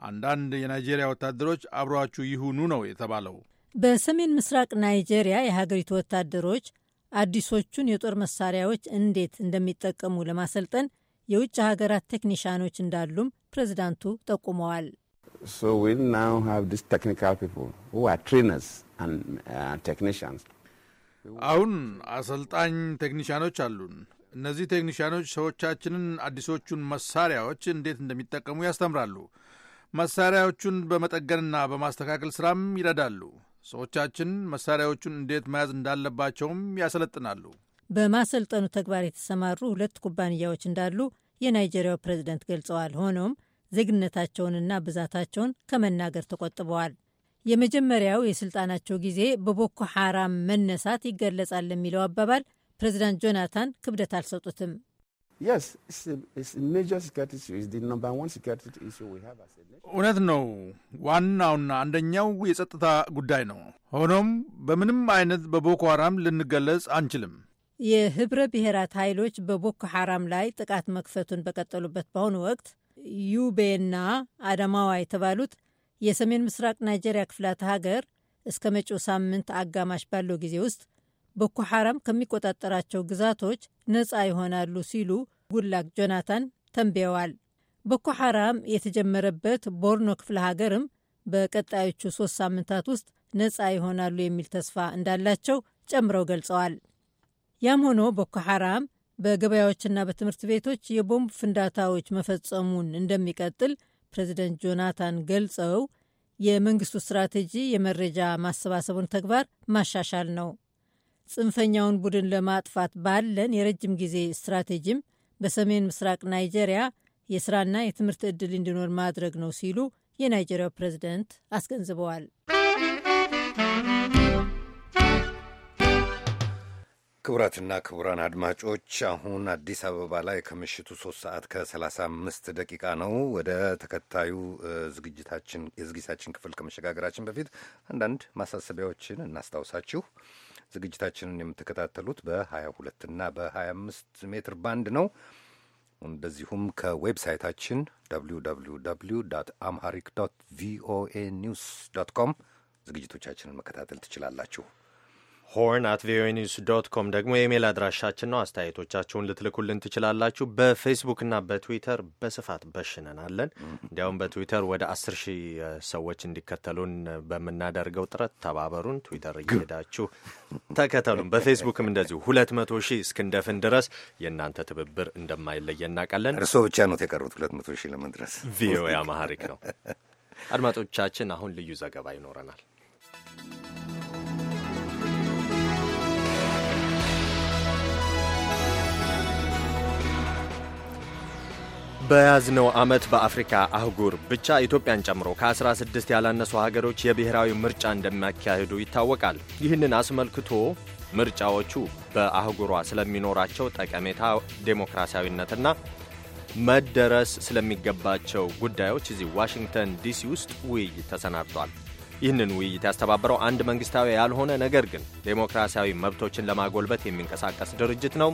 አንዳንድ የናይጄሪያ ወታደሮች አብሯችሁ ይሁኑ ነው የተባለው። በሰሜን ምስራቅ ናይጄሪያ የሀገሪቱ ወታደሮች አዲሶቹን የጦር መሳሪያዎች እንዴት እንደሚጠቀሙ ለማሰልጠን የውጭ ሀገራት ቴክኒሽያኖች እንዳሉም ፕሬዚዳንቱ ጠቁመዋል። uh, አሁን አሰልጣኝ ቴክኒሽያኖች አሉን። እነዚህ ቴክኒሽያኖች ሰዎቻችንን አዲሶቹን መሳሪያዎች እንዴት እንደሚጠቀሙ ያስተምራሉ። መሳሪያዎቹን በመጠገንና በማስተካከል ስራም ይረዳሉ። ሰዎቻችን መሳሪያዎቹን እንዴት መያዝ እንዳለባቸውም ያሰለጥናሉ። በማሰልጠኑ ተግባር የተሰማሩ ሁለት ኩባንያዎች እንዳሉ የናይጄሪያው ፕሬዝደንት ገልጸዋል። ሆኖም ዜግነታቸውንና ብዛታቸውን ከመናገር ተቆጥበዋል። የመጀመሪያው የስልጣናቸው ጊዜ በቦኮ ሐራም መነሳት ይገለጻል ለሚለው አባባል ፕሬዚዳንት ጆናታን ክብደት አልሰጡትም። እውነት ነው። ዋናውና አንደኛው የጸጥታ ጉዳይ ነው። ሆኖም በምንም አይነት በቦኮ ሐራም ልንገለጽ አንችልም። የህብረ ብሔራት ኃይሎች በቦኮ ሐራም ላይ ጥቃት መክፈቱን በቀጠሉበት በአሁኑ ወቅት ዩቤና አዳማዋ የተባሉት የሰሜን ምስራቅ ናይጄሪያ ክፍላተ ሀገር እስከ መጪው ሳምንት አጋማሽ ባለው ጊዜ ውስጥ ቦኮ ሐራም ከሚቆጣጠራቸው ግዛቶች ነፃ ይሆናሉ ሲሉ ጉላክ ጆናታን ተንብየዋል። ቦኮ ሐራም የተጀመረበት ቦርኖ ክፍለ ሀገርም በቀጣዮቹ ሶስት ሳምንታት ውስጥ ነፃ ይሆናሉ የሚል ተስፋ እንዳላቸው ጨምረው ገልጸዋል። ያም ሆኖ ቦኮ ሐራም በገበያዎችና በትምህርት ቤቶች የቦምብ ፍንዳታዎች መፈጸሙን እንደሚቀጥል ፕሬዚደንት ጆናታን ገልጸው የመንግስቱ ስትራቴጂ የመረጃ ማሰባሰቡን ተግባር ማሻሻል ነው። ጽንፈኛውን ቡድን ለማጥፋት ባለን የረጅም ጊዜ ስትራቴጂም በሰሜን ምስራቅ ናይጄሪያ የስራና የትምህርት ዕድል እንዲኖር ማድረግ ነው ሲሉ የናይጄሪያው ፕሬዚደንት አስገንዝበዋል። ክቡራትና ክቡራን አድማጮች አሁን አዲስ አበባ ላይ ከምሽቱ ሶስት ሰዓት ከሰላሳ አምስት ደቂቃ ነው። ወደ ተከታዩ ዝግጅታችን የዝግጅታችን ክፍል ከመሸጋገራችን በፊት አንዳንድ ማሳሰቢያዎችን እናስታውሳችሁ። ዝግጅታችንን የምትከታተሉት በ22 እና በ25 ሜትር ባንድ ነው። እንደዚሁም ከዌብሳይታችን www አምሃሪክ ቪኦኤ ኒውስ ዶት ኮም ዝግጅቶቻችንን መከታተል ትችላላችሁ። ሆርን አት ቪኦኤ ኒውስ ዶት ኮም ደግሞ የኢሜይል አድራሻችን ነው። አስተያየቶቻችሁን ልትልኩልን ትችላላችሁ። በፌስቡክና በትዊተር በስፋት በሽነናለን። እንዲያውም በትዊተር ወደ አስር ሺህ ሰዎች እንዲከተሉን በምናደርገው ጥረት ተባበሩን። ትዊተር እየሄዳችሁ ተከተሉን። በፌስቡክም እንደዚሁ ሁለት መቶ ሺህ እስክንደፍን ድረስ የእናንተ ትብብር እንደማይለየ እናውቃለን። እርስዎ ብቻ ነው የቀሩት ሁለት መቶ ሺህ ለመድረስ። ቪኦኤ አማሐሪክ ነው። አድማጮቻችን፣ አሁን ልዩ ዘገባ ይኖረናል። በያዝነው ዓመት በአፍሪካ አህጉር ብቻ ኢትዮጵያን ጨምሮ ከ16 ያላነሱ ሀገሮች የብሔራዊ ምርጫ እንደሚያካሂዱ ይታወቃል። ይህንን አስመልክቶ ምርጫዎቹ በአህጉሯ ስለሚኖራቸው ጠቀሜታ፣ ዴሞክራሲያዊነትና መደረስ ስለሚገባቸው ጉዳዮች እዚህ ዋሽንግተን ዲሲ ውስጥ ውይይት ተሰናድቷል። ይህንን ውይይት ያስተባበረው አንድ መንግስታዊ ያልሆነ ነገር ግን ዴሞክራሲያዊ መብቶችን ለማጎልበት የሚንቀሳቀስ ድርጅት ነው።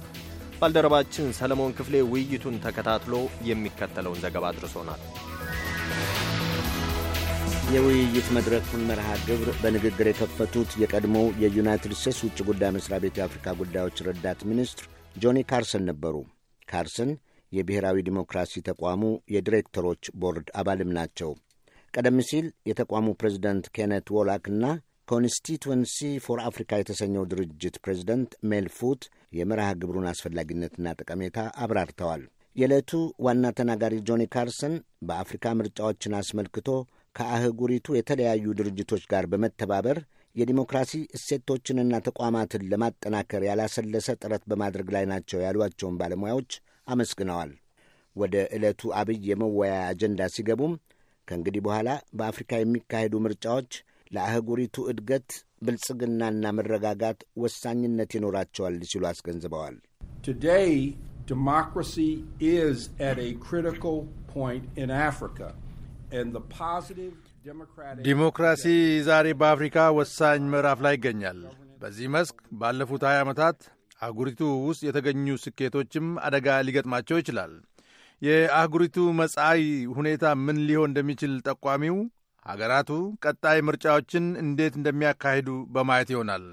ባልደረባችን ሰለሞን ክፍሌ ውይይቱን ተከታትሎ የሚከተለውን ዘገባ አድርሶናል። የውይይት መድረኩን መርሃ ግብር በንግግር የከፈቱት የቀድሞው የዩናይትድ ስቴትስ ውጭ ጉዳይ መስሪያ ቤት የአፍሪካ ጉዳዮች ረዳት ሚኒስትር ጆኒ ካርሰን ነበሩ። ካርሰን የብሔራዊ ዲሞክራሲ ተቋሙ የዲሬክተሮች ቦርድ አባልም ናቸው። ቀደም ሲል የተቋሙ ፕሬዚደንት ኬነት ዎላክ እና ኮንስቲትዌንሲ ፎር አፍሪካ የተሰኘው ድርጅት ፕሬዚደንት ሜልፉት የመርሃ ግብሩን አስፈላጊነትና ጠቀሜታ አብራርተዋል። የዕለቱ ዋና ተናጋሪ ጆኒ ካርሰን በአፍሪካ ምርጫዎችን አስመልክቶ ከአህጉሪቱ የተለያዩ ድርጅቶች ጋር በመተባበር የዲሞክራሲ እሴቶችንና ተቋማትን ለማጠናከር ያላሰለሰ ጥረት በማድረግ ላይ ናቸው ያሏቸውን ባለሙያዎች አመስግነዋል። ወደ ዕለቱ አብይ የመወያያ አጀንዳ ሲገቡም ከእንግዲህ በኋላ በአፍሪካ የሚካሄዱ ምርጫዎች ለአህጉሪቱ እድገት ብልጽግናና መረጋጋት ወሳኝነት ይኖራቸዋል ሲሉ አስገንዝበዋል። ቱዴይ ዲሞክራሲ ኢዝ አት ኤ ክሪቲካል ፖይንት ኢን አፍሪካ ዲሞክራሲ ዛሬ በአፍሪካ ወሳኝ ምዕራፍ ላይ ይገኛል። በዚህ መስክ ባለፉት 20 ዓመታት አህጉሪቱ ውስጥ የተገኙ ስኬቶችም አደጋ ሊገጥማቸው ይችላል። የአህጉሪቱ መጻኢ ሁኔታ ምን ሊሆን እንደሚችል ጠቋሚው አገራቱ ቀጣይ ምርጫዎችን እንዴት እንደሚያካሂዱ በማየት ይሆናል።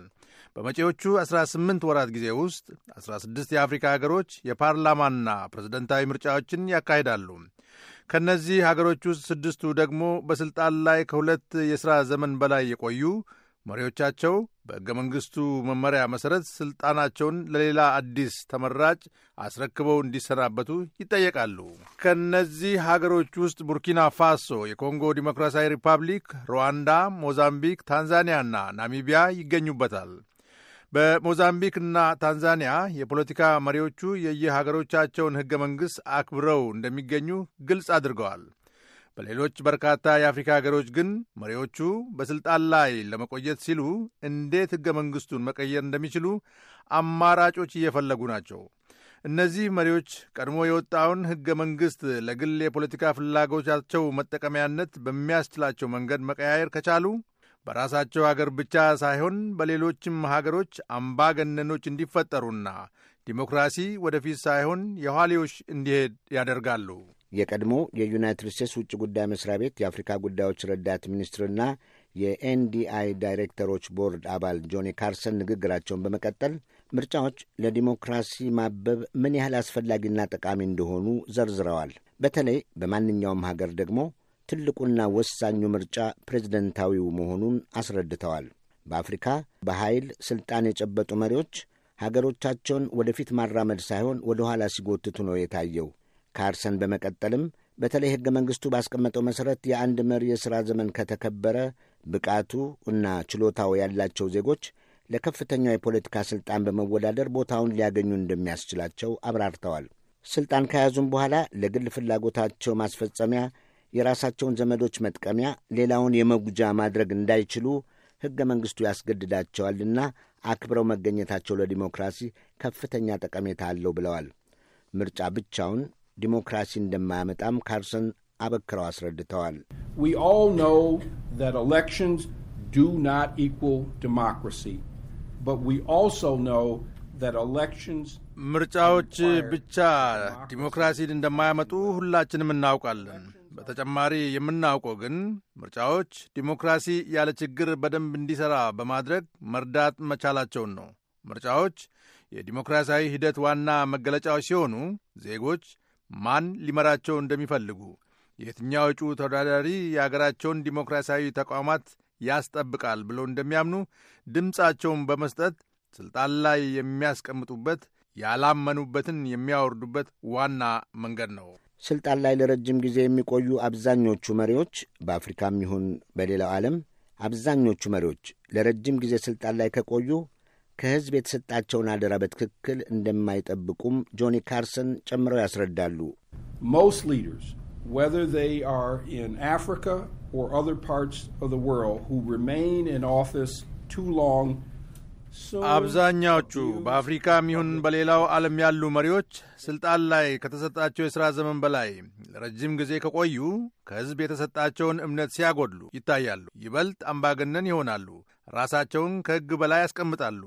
በመጪዎቹ 18 ወራት ጊዜ ውስጥ 16 የአፍሪካ ሀገሮች የፓርላማና ፕሬዝደንታዊ ምርጫዎችን ያካሂዳሉ። ከእነዚህ ሀገሮች ውስጥ ስድስቱ ደግሞ በሥልጣን ላይ ከሁለት የሥራ ዘመን በላይ የቆዩ መሪዎቻቸው በሕገ መንግሥቱ መመሪያ መሠረት ሥልጣናቸውን ለሌላ አዲስ ተመራጭ አስረክበው እንዲሰናበቱ ይጠየቃሉ። ከእነዚህ ሀገሮች ውስጥ ቡርኪና ፋሶ፣ የኮንጎ ዲሞክራሲያዊ ሪፐብሊክ፣ ሩዋንዳ፣ ሞዛምቢክ፣ ታንዛኒያና ናሚቢያ ይገኙበታል። በሞዛምቢክና ታንዛኒያ የፖለቲካ መሪዎቹ የየሀገሮቻቸውን ሕገ መንግሥት አክብረው እንደሚገኙ ግልጽ አድርገዋል። በሌሎች በርካታ የአፍሪካ ሀገሮች ግን መሪዎቹ በሥልጣን ላይ ለመቆየት ሲሉ እንዴት ሕገ መንግሥቱን መቀየር እንደሚችሉ አማራጮች እየፈለጉ ናቸው። እነዚህ መሪዎች ቀድሞ የወጣውን ሕገ መንግሥት ለግል የፖለቲካ ፍላጎቻቸው መጠቀሚያነት በሚያስችላቸው መንገድ መቀያየር ከቻሉ በራሳቸው አገር ብቻ ሳይሆን በሌሎችም ሀገሮች አምባገነኖች እንዲፈጠሩና ዲሞክራሲ ወደፊት ሳይሆን የኋሊዎች እንዲሄድ ያደርጋሉ። የቀድሞ የዩናይትድ ስቴትስ ውጭ ጉዳይ መስሪያ ቤት የአፍሪካ ጉዳዮች ረዳት ሚኒስትርና የኤንዲአይ ዳይሬክተሮች ቦርድ አባል ጆኒ ካርሰን ንግግራቸውን በመቀጠል ምርጫዎች ለዲሞክራሲ ማበብ ምን ያህል አስፈላጊና ጠቃሚ እንደሆኑ ዘርዝረዋል። በተለይ በማንኛውም ሀገር ደግሞ ትልቁና ወሳኙ ምርጫ ፕሬዝደንታዊው መሆኑን አስረድተዋል። በአፍሪካ በኃይል ሥልጣን የጨበጡ መሪዎች ሀገሮቻቸውን ወደፊት ማራመድ ሳይሆን ወደ ኋላ ሲጎትቱ ነው የታየው። ካርሰን በመቀጠልም በተለይ ሕገ መንግሥቱ ባስቀመጠው መሠረት የአንድ መሪ የሥራ ዘመን ከተከበረ ብቃቱ እና ችሎታው ያላቸው ዜጎች ለከፍተኛው የፖለቲካ ሥልጣን በመወዳደር ቦታውን ሊያገኙ እንደሚያስችላቸው አብራርተዋል። ሥልጣን ከያዙም በኋላ ለግል ፍላጎታቸው ማስፈጸሚያ የራሳቸውን ዘመዶች መጥቀሚያ፣ ሌላውን የመጉጃ ማድረግ እንዳይችሉ ሕገ መንግሥቱ ያስገድዳቸዋልና አክብረው መገኘታቸው ለዲሞክራሲ ከፍተኛ ጠቀሜታ አለው ብለዋል። ምርጫ ብቻውን ዲሞክራሲ እንደማያመጣም ካርሰን አበክረው አስረድተዋል። ምርጫዎች ብቻ ዲሞክራሲን እንደማያመጡ ሁላችንም እናውቃለን። በተጨማሪ የምናውቀው ግን ምርጫዎች ዲሞክራሲ ያለ ችግር በደንብ እንዲሠራ በማድረግ መርዳት መቻላቸውን ነው። ምርጫዎች የዲሞክራሲያዊ ሂደት ዋና መገለጫዎች ሲሆኑ ዜጎች ማን ሊመራቸው እንደሚፈልጉ የትኛው እጩ ተወዳዳሪ የአገራቸውን ዲሞክራሲያዊ ተቋማት ያስጠብቃል ብለው እንደሚያምኑ ድምፃቸውን በመስጠት ስልጣን ላይ የሚያስቀምጡበት ያላመኑበትን የሚያወርዱበት ዋና መንገድ ነው። ስልጣን ላይ ለረጅም ጊዜ የሚቆዩ አብዛኞቹ መሪዎች በአፍሪካም ይሁን በሌላው ዓለም አብዛኞቹ መሪዎች ለረጅም ጊዜ ስልጣን ላይ ከቆዩ ከሕዝብ የተሰጣቸውን አደራ በትክክል እንደማይጠብቁም ጆኒ ካርሰን ጨምረው ያስረዳሉ። አብዛኛዎቹ በአፍሪካም ይሁን በሌላው ዓለም ያሉ መሪዎች ስልጣን ላይ ከተሰጣቸው የሥራ ዘመን በላይ ለረጅም ጊዜ ከቆዩ ከሕዝብ የተሰጣቸውን እምነት ሲያጎድሉ ይታያሉ። ይበልጥ አምባገነን ይሆናሉ። ራሳቸውን ከሕግ በላይ ያስቀምጣሉ፣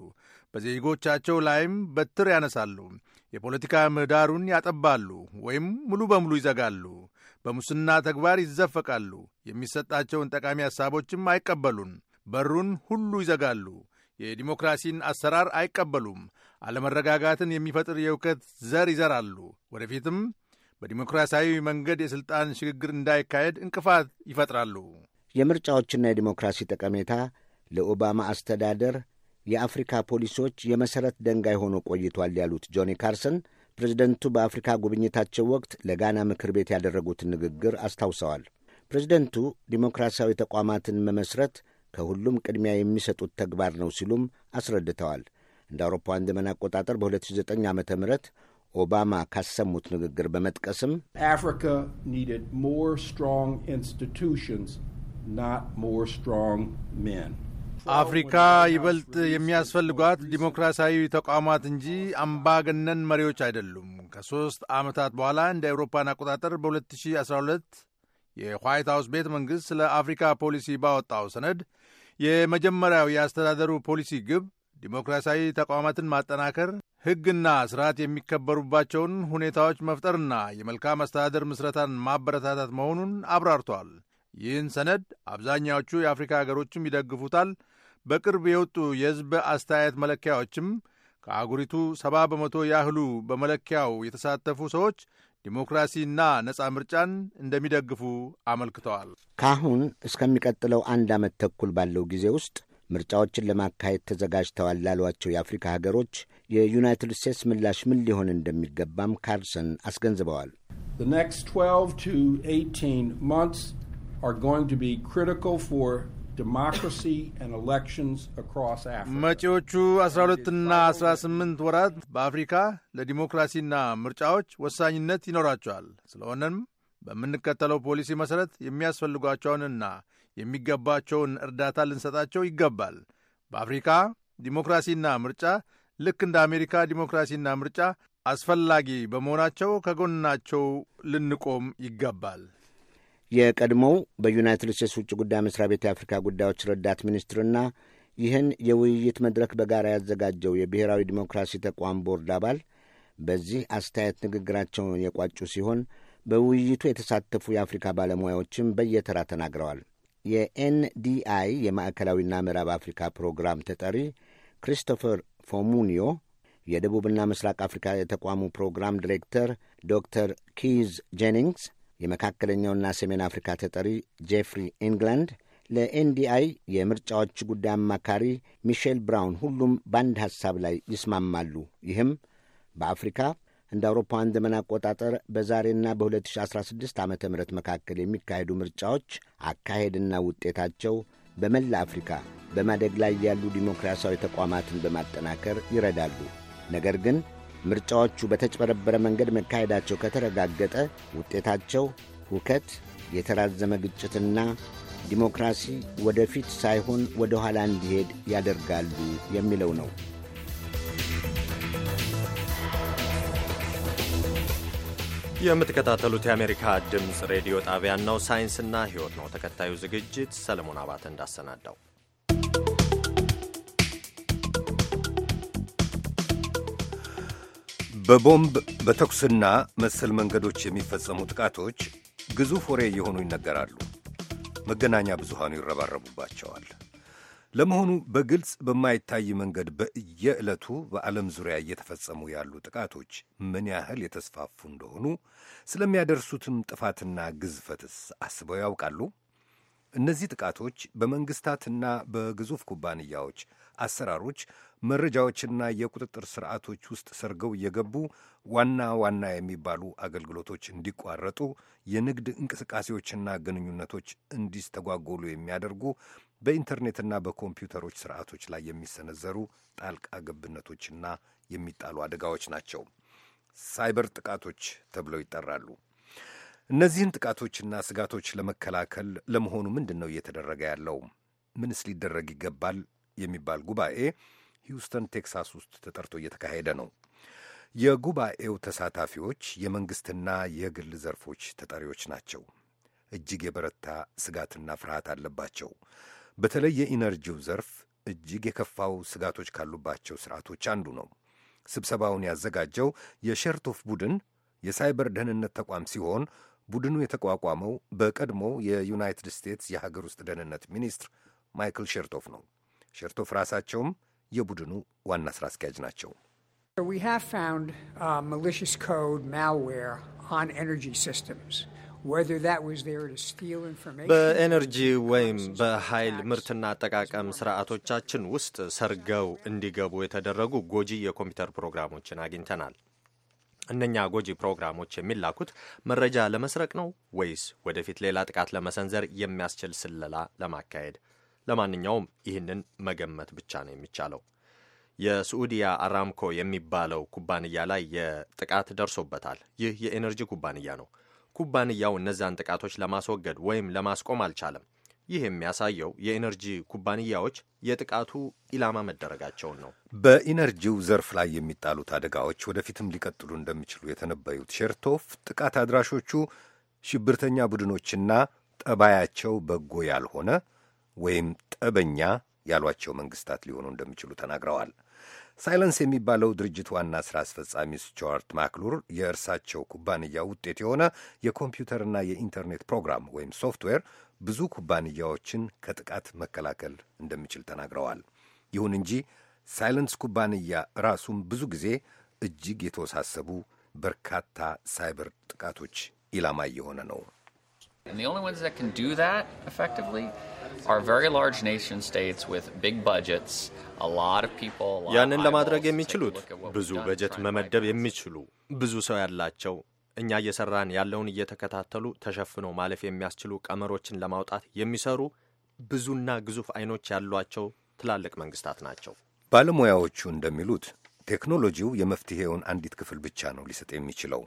በዜጎቻቸው ላይም በትር ያነሳሉ፣ የፖለቲካ ምህዳሩን ያጠባሉ ወይም ሙሉ በሙሉ ይዘጋሉ፣ በሙስና ተግባር ይዘፈቃሉ፣ የሚሰጣቸውን ጠቃሚ ሐሳቦችም አይቀበሉም፣ በሩን ሁሉ ይዘጋሉ፣ የዲሞክራሲን አሰራር አይቀበሉም፣ አለመረጋጋትን የሚፈጥር የውከት ዘር ይዘራሉ። ወደፊትም በዲሞክራሲያዊ መንገድ የሥልጣን ሽግግር እንዳይካሄድ እንቅፋት ይፈጥራሉ። የምርጫዎችና የዲሞክራሲ ጠቀሜታ ለኦባማ አስተዳደር የአፍሪካ ፖሊሶች የመሠረት ደንጋይ ሆኖ ቆይቷል ያሉት ጆኒ ካርሰን ፕሬዝደንቱ በአፍሪካ ጉብኝታቸው ወቅት ለጋና ምክር ቤት ያደረጉትን ንግግር አስታውሰዋል። ፕሬዝደንቱ ዲሞክራሲያዊ ተቋማትን መመስረት ከሁሉም ቅድሚያ የሚሰጡት ተግባር ነው ሲሉም አስረድተዋል። እንደ አውሮፓውያን ዘመን አቆጣጠር በ2009 ዓ ም ኦባማ ካሰሙት ንግግር በመጥቀስም አፍሪካ አፍሪካ ይበልጥ የሚያስፈልጓት ዲሞክራሲያዊ ተቋማት እንጂ አምባገነን መሪዎች አይደሉም። ከሦስት ዓመታት በኋላ እንደ አውሮፓን አቆጣጠር በ2012 የዋይት ሃውስ ቤተ መንግሥት ስለ አፍሪካ ፖሊሲ ባወጣው ሰነድ የመጀመሪያው የአስተዳደሩ ፖሊሲ ግብ ዲሞክራሲያዊ ተቋማትን ማጠናከር፣ ሕግና ስርዓት የሚከበሩባቸውን ሁኔታዎች መፍጠርና የመልካም አስተዳደር ምስረታን ማበረታታት መሆኑን አብራርቷል። ይህን ሰነድ አብዛኛዎቹ የአፍሪካ አገሮችም ይደግፉታል። በቅርብ የወጡ የሕዝብ አስተያየት መለኪያዎችም ከአህጉሪቱ ሰባ በመቶ ያህሉ በመለኪያው የተሳተፉ ሰዎች ዲሞክራሲና ነጻ ምርጫን እንደሚደግፉ አመልክተዋል። ከአሁን እስከሚቀጥለው አንድ ዓመት ተኩል ባለው ጊዜ ውስጥ ምርጫዎችን ለማካሄድ ተዘጋጅተዋል ላሏቸው የአፍሪካ ሀገሮች የዩናይትድ ስቴትስ ምላሽ ምን ሊሆን እንደሚገባም ካርሰን አስገንዝበዋል። The 12 18 መጪዎቹ 12ና 18 ወራት በአፍሪካ ለዲሞክራሲና ምርጫዎች ወሳኝነት ይኖራቸዋል። ስለሆነም በምንከተለው ፖሊሲ መሠረት የሚያስፈልጓቸውንና የሚገባቸውን እርዳታ ልንሰጣቸው ይገባል። በአፍሪካ ዲሞክራሲና ምርጫ ልክ እንደ አሜሪካ ዲሞክራሲና ምርጫ አስፈላጊ በመሆናቸው ከጎናቸው ልንቆም ይገባል። የቀድሞው በዩናይትድ ስቴትስ ውጭ ጉዳይ መስሪያ ቤት የአፍሪካ ጉዳዮች ረዳት ሚኒስትርና ይህን የውይይት መድረክ በጋራ ያዘጋጀው የብሔራዊ ዲሞክራሲ ተቋም ቦርድ አባል በዚህ አስተያየት ንግግራቸውን የቋጩ ሲሆን በውይይቱ የተሳተፉ የአፍሪካ ባለሙያዎችም በየተራ ተናግረዋል። የኤንዲአይ የማዕከላዊና ምዕራብ አፍሪካ ፕሮግራም ተጠሪ ክሪስቶፈር ፎሙኒዮ፣ የደቡብና ምስራቅ አፍሪካ የተቋሙ ፕሮግራም ዲሬክተር ዶክተር ኪዝ ጄኒንግስ የመካከለኛውና ሰሜን አፍሪካ ተጠሪ ጄፍሪ ኤንግላንድ ለኤንዲአይ የምርጫዎች ጉዳይ አማካሪ ሚሼል ብራውን ሁሉም በአንድ ሐሳብ ላይ ይስማማሉ። ይህም በአፍሪካ እንደ አውሮፓውያን ዘመን አቆጣጠር በዛሬና በ2016 ዓ ም መካከል የሚካሄዱ ምርጫዎች አካሄድና ውጤታቸው በመላ አፍሪካ በማደግ ላይ ያሉ ዲሞክራሲያዊ ተቋማትን በማጠናከር ይረዳሉ ነገር ግን ምርጫዎቹ በተጭበረበረ መንገድ መካሄዳቸው ከተረጋገጠ ውጤታቸው ሁከት፣ የተራዘመ ግጭትና ዲሞክራሲ ወደፊት ሳይሆን ወደ ኋላ እንዲሄድ ያደርጋሉ የሚለው ነው። የምትከታተሉት የአሜሪካ ድምፅ ሬዲዮ ጣቢያን ነው። ሳይንስና ሕይወት ነው ተከታዩ ዝግጅት ሰለሞን አባተ እንዳሰናዳው በቦምብ በተኩስና መሰል መንገዶች የሚፈጸሙ ጥቃቶች ግዙፍ ወሬ እየሆኑ ይነገራሉ። መገናኛ ብዙሃኑ ይረባረቡባቸዋል። ለመሆኑ በግልጽ በማይታይ መንገድ በየዕለቱ በዓለም ዙሪያ እየተፈጸሙ ያሉ ጥቃቶች ምን ያህል የተስፋፉ እንደሆኑ ስለሚያደርሱትም ጥፋትና ግዝፈትስ አስበው ያውቃሉ? እነዚህ ጥቃቶች በመንግስታትና በግዙፍ ኩባንያዎች አሰራሮች መረጃዎችና የቁጥጥር ስርዓቶች ውስጥ ሰርገው እየገቡ ዋና ዋና የሚባሉ አገልግሎቶች እንዲቋረጡ፣ የንግድ እንቅስቃሴዎችና ግንኙነቶች እንዲስተጓጎሉ የሚያደርጉ በኢንተርኔትና በኮምፒውተሮች ስርዓቶች ላይ የሚሰነዘሩ ጣልቃ ገብነቶችና የሚጣሉ አደጋዎች ናቸው። ሳይበር ጥቃቶች ተብለው ይጠራሉ። እነዚህን ጥቃቶችና ስጋቶች ለመከላከል ለመሆኑ ምንድን ነው እየተደረገ ያለው? ምንስ ሊደረግ ይገባል? የሚባል ጉባኤ ሂውስተን ቴክሳስ ውስጥ ተጠርቶ እየተካሄደ ነው። የጉባኤው ተሳታፊዎች የመንግሥትና የግል ዘርፎች ተጠሪዎች ናቸው። እጅግ የበረታ ስጋትና ፍርሃት አለባቸው። በተለይ የኢነርጂው ዘርፍ እጅግ የከፋው ስጋቶች ካሉባቸው ስርዓቶች አንዱ ነው። ስብሰባውን ያዘጋጀው የሸርቶፍ ቡድን የሳይበር ደህንነት ተቋም ሲሆን ቡድኑ የተቋቋመው በቀድሞ የዩናይትድ ስቴትስ የሀገር ውስጥ ደህንነት ሚኒስትር ማይክል ሸርቶፍ ነው። ሸርቶፍ ራሳቸውም የቡድኑ ዋና ስራ አስኪያጅ ናቸው። uh, በኤነርጂ ወይም በኃይል ምርትና አጠቃቀም ስርዓቶቻችን ውስጥ ሰርገው እንዲገቡ የተደረጉ ጎጂ የኮምፒውተር ፕሮግራሞችን አግኝተናል። እነኛ ጎጂ ፕሮግራሞች የሚላኩት መረጃ ለመስረቅ ነው ወይስ ወደፊት ሌላ ጥቃት ለመሰንዘር የሚያስችል ስለላ ለማካሄድ ለማንኛውም ይህንን መገመት ብቻ ነው የሚቻለው። የስዑዲያ አራምኮ የሚባለው ኩባንያ ላይ የጥቃት ደርሶበታል። ይህ የኤነርጂ ኩባንያ ነው። ኩባንያው እነዛን ጥቃቶች ለማስወገድ ወይም ለማስቆም አልቻለም። ይህ የሚያሳየው የኤነርጂ ኩባንያዎች የጥቃቱ ኢላማ መደረጋቸውን ነው። በኢነርጂው ዘርፍ ላይ የሚጣሉት አደጋዎች ወደፊትም ሊቀጥሉ እንደሚችሉ የተነበዩት ሸርቶፍ ጥቃት አድራሾቹ ሽብርተኛ ቡድኖችና ጠባያቸው በጎ ያልሆነ ወይም ጠበኛ ያሏቸው መንግስታት ሊሆኑ እንደሚችሉ ተናግረዋል። ሳይለንስ የሚባለው ድርጅት ዋና ሥራ አስፈጻሚ ስቲዋርት ማክሉር የእርሳቸው ኩባንያ ውጤት የሆነ የኮምፒውተርና የኢንተርኔት ፕሮግራም ወይም ሶፍትዌር ብዙ ኩባንያዎችን ከጥቃት መከላከል እንደሚችል ተናግረዋል። ይሁን እንጂ ሳይለንስ ኩባንያ ራሱም ብዙ ጊዜ እጅግ የተወሳሰቡ በርካታ ሳይበር ጥቃቶች ኢላማ እየሆነ ነው። And the only ones that can do that effectively are very large nation states with big budgets, a lot of people. ያንን ለማድረግ የሚችሉት ብዙ በጀት መመደብ የሚችሉ ብዙ ሰው ያላቸው እኛ እየሰራን ያለውን እየተከታተሉ ተሸፍኖ ማለፍ የሚያስችሉ ቀመሮችን ለማውጣት የሚሰሩ ብዙና ግዙፍ አይኖች ያሏቸው ትላልቅ መንግስታት ናቸው። ባለሙያዎቹ እንደሚሉት ቴክኖሎጂው የመፍትሄውን አንዲት ክፍል ብቻ ነው ሊሰጥ የሚችለው።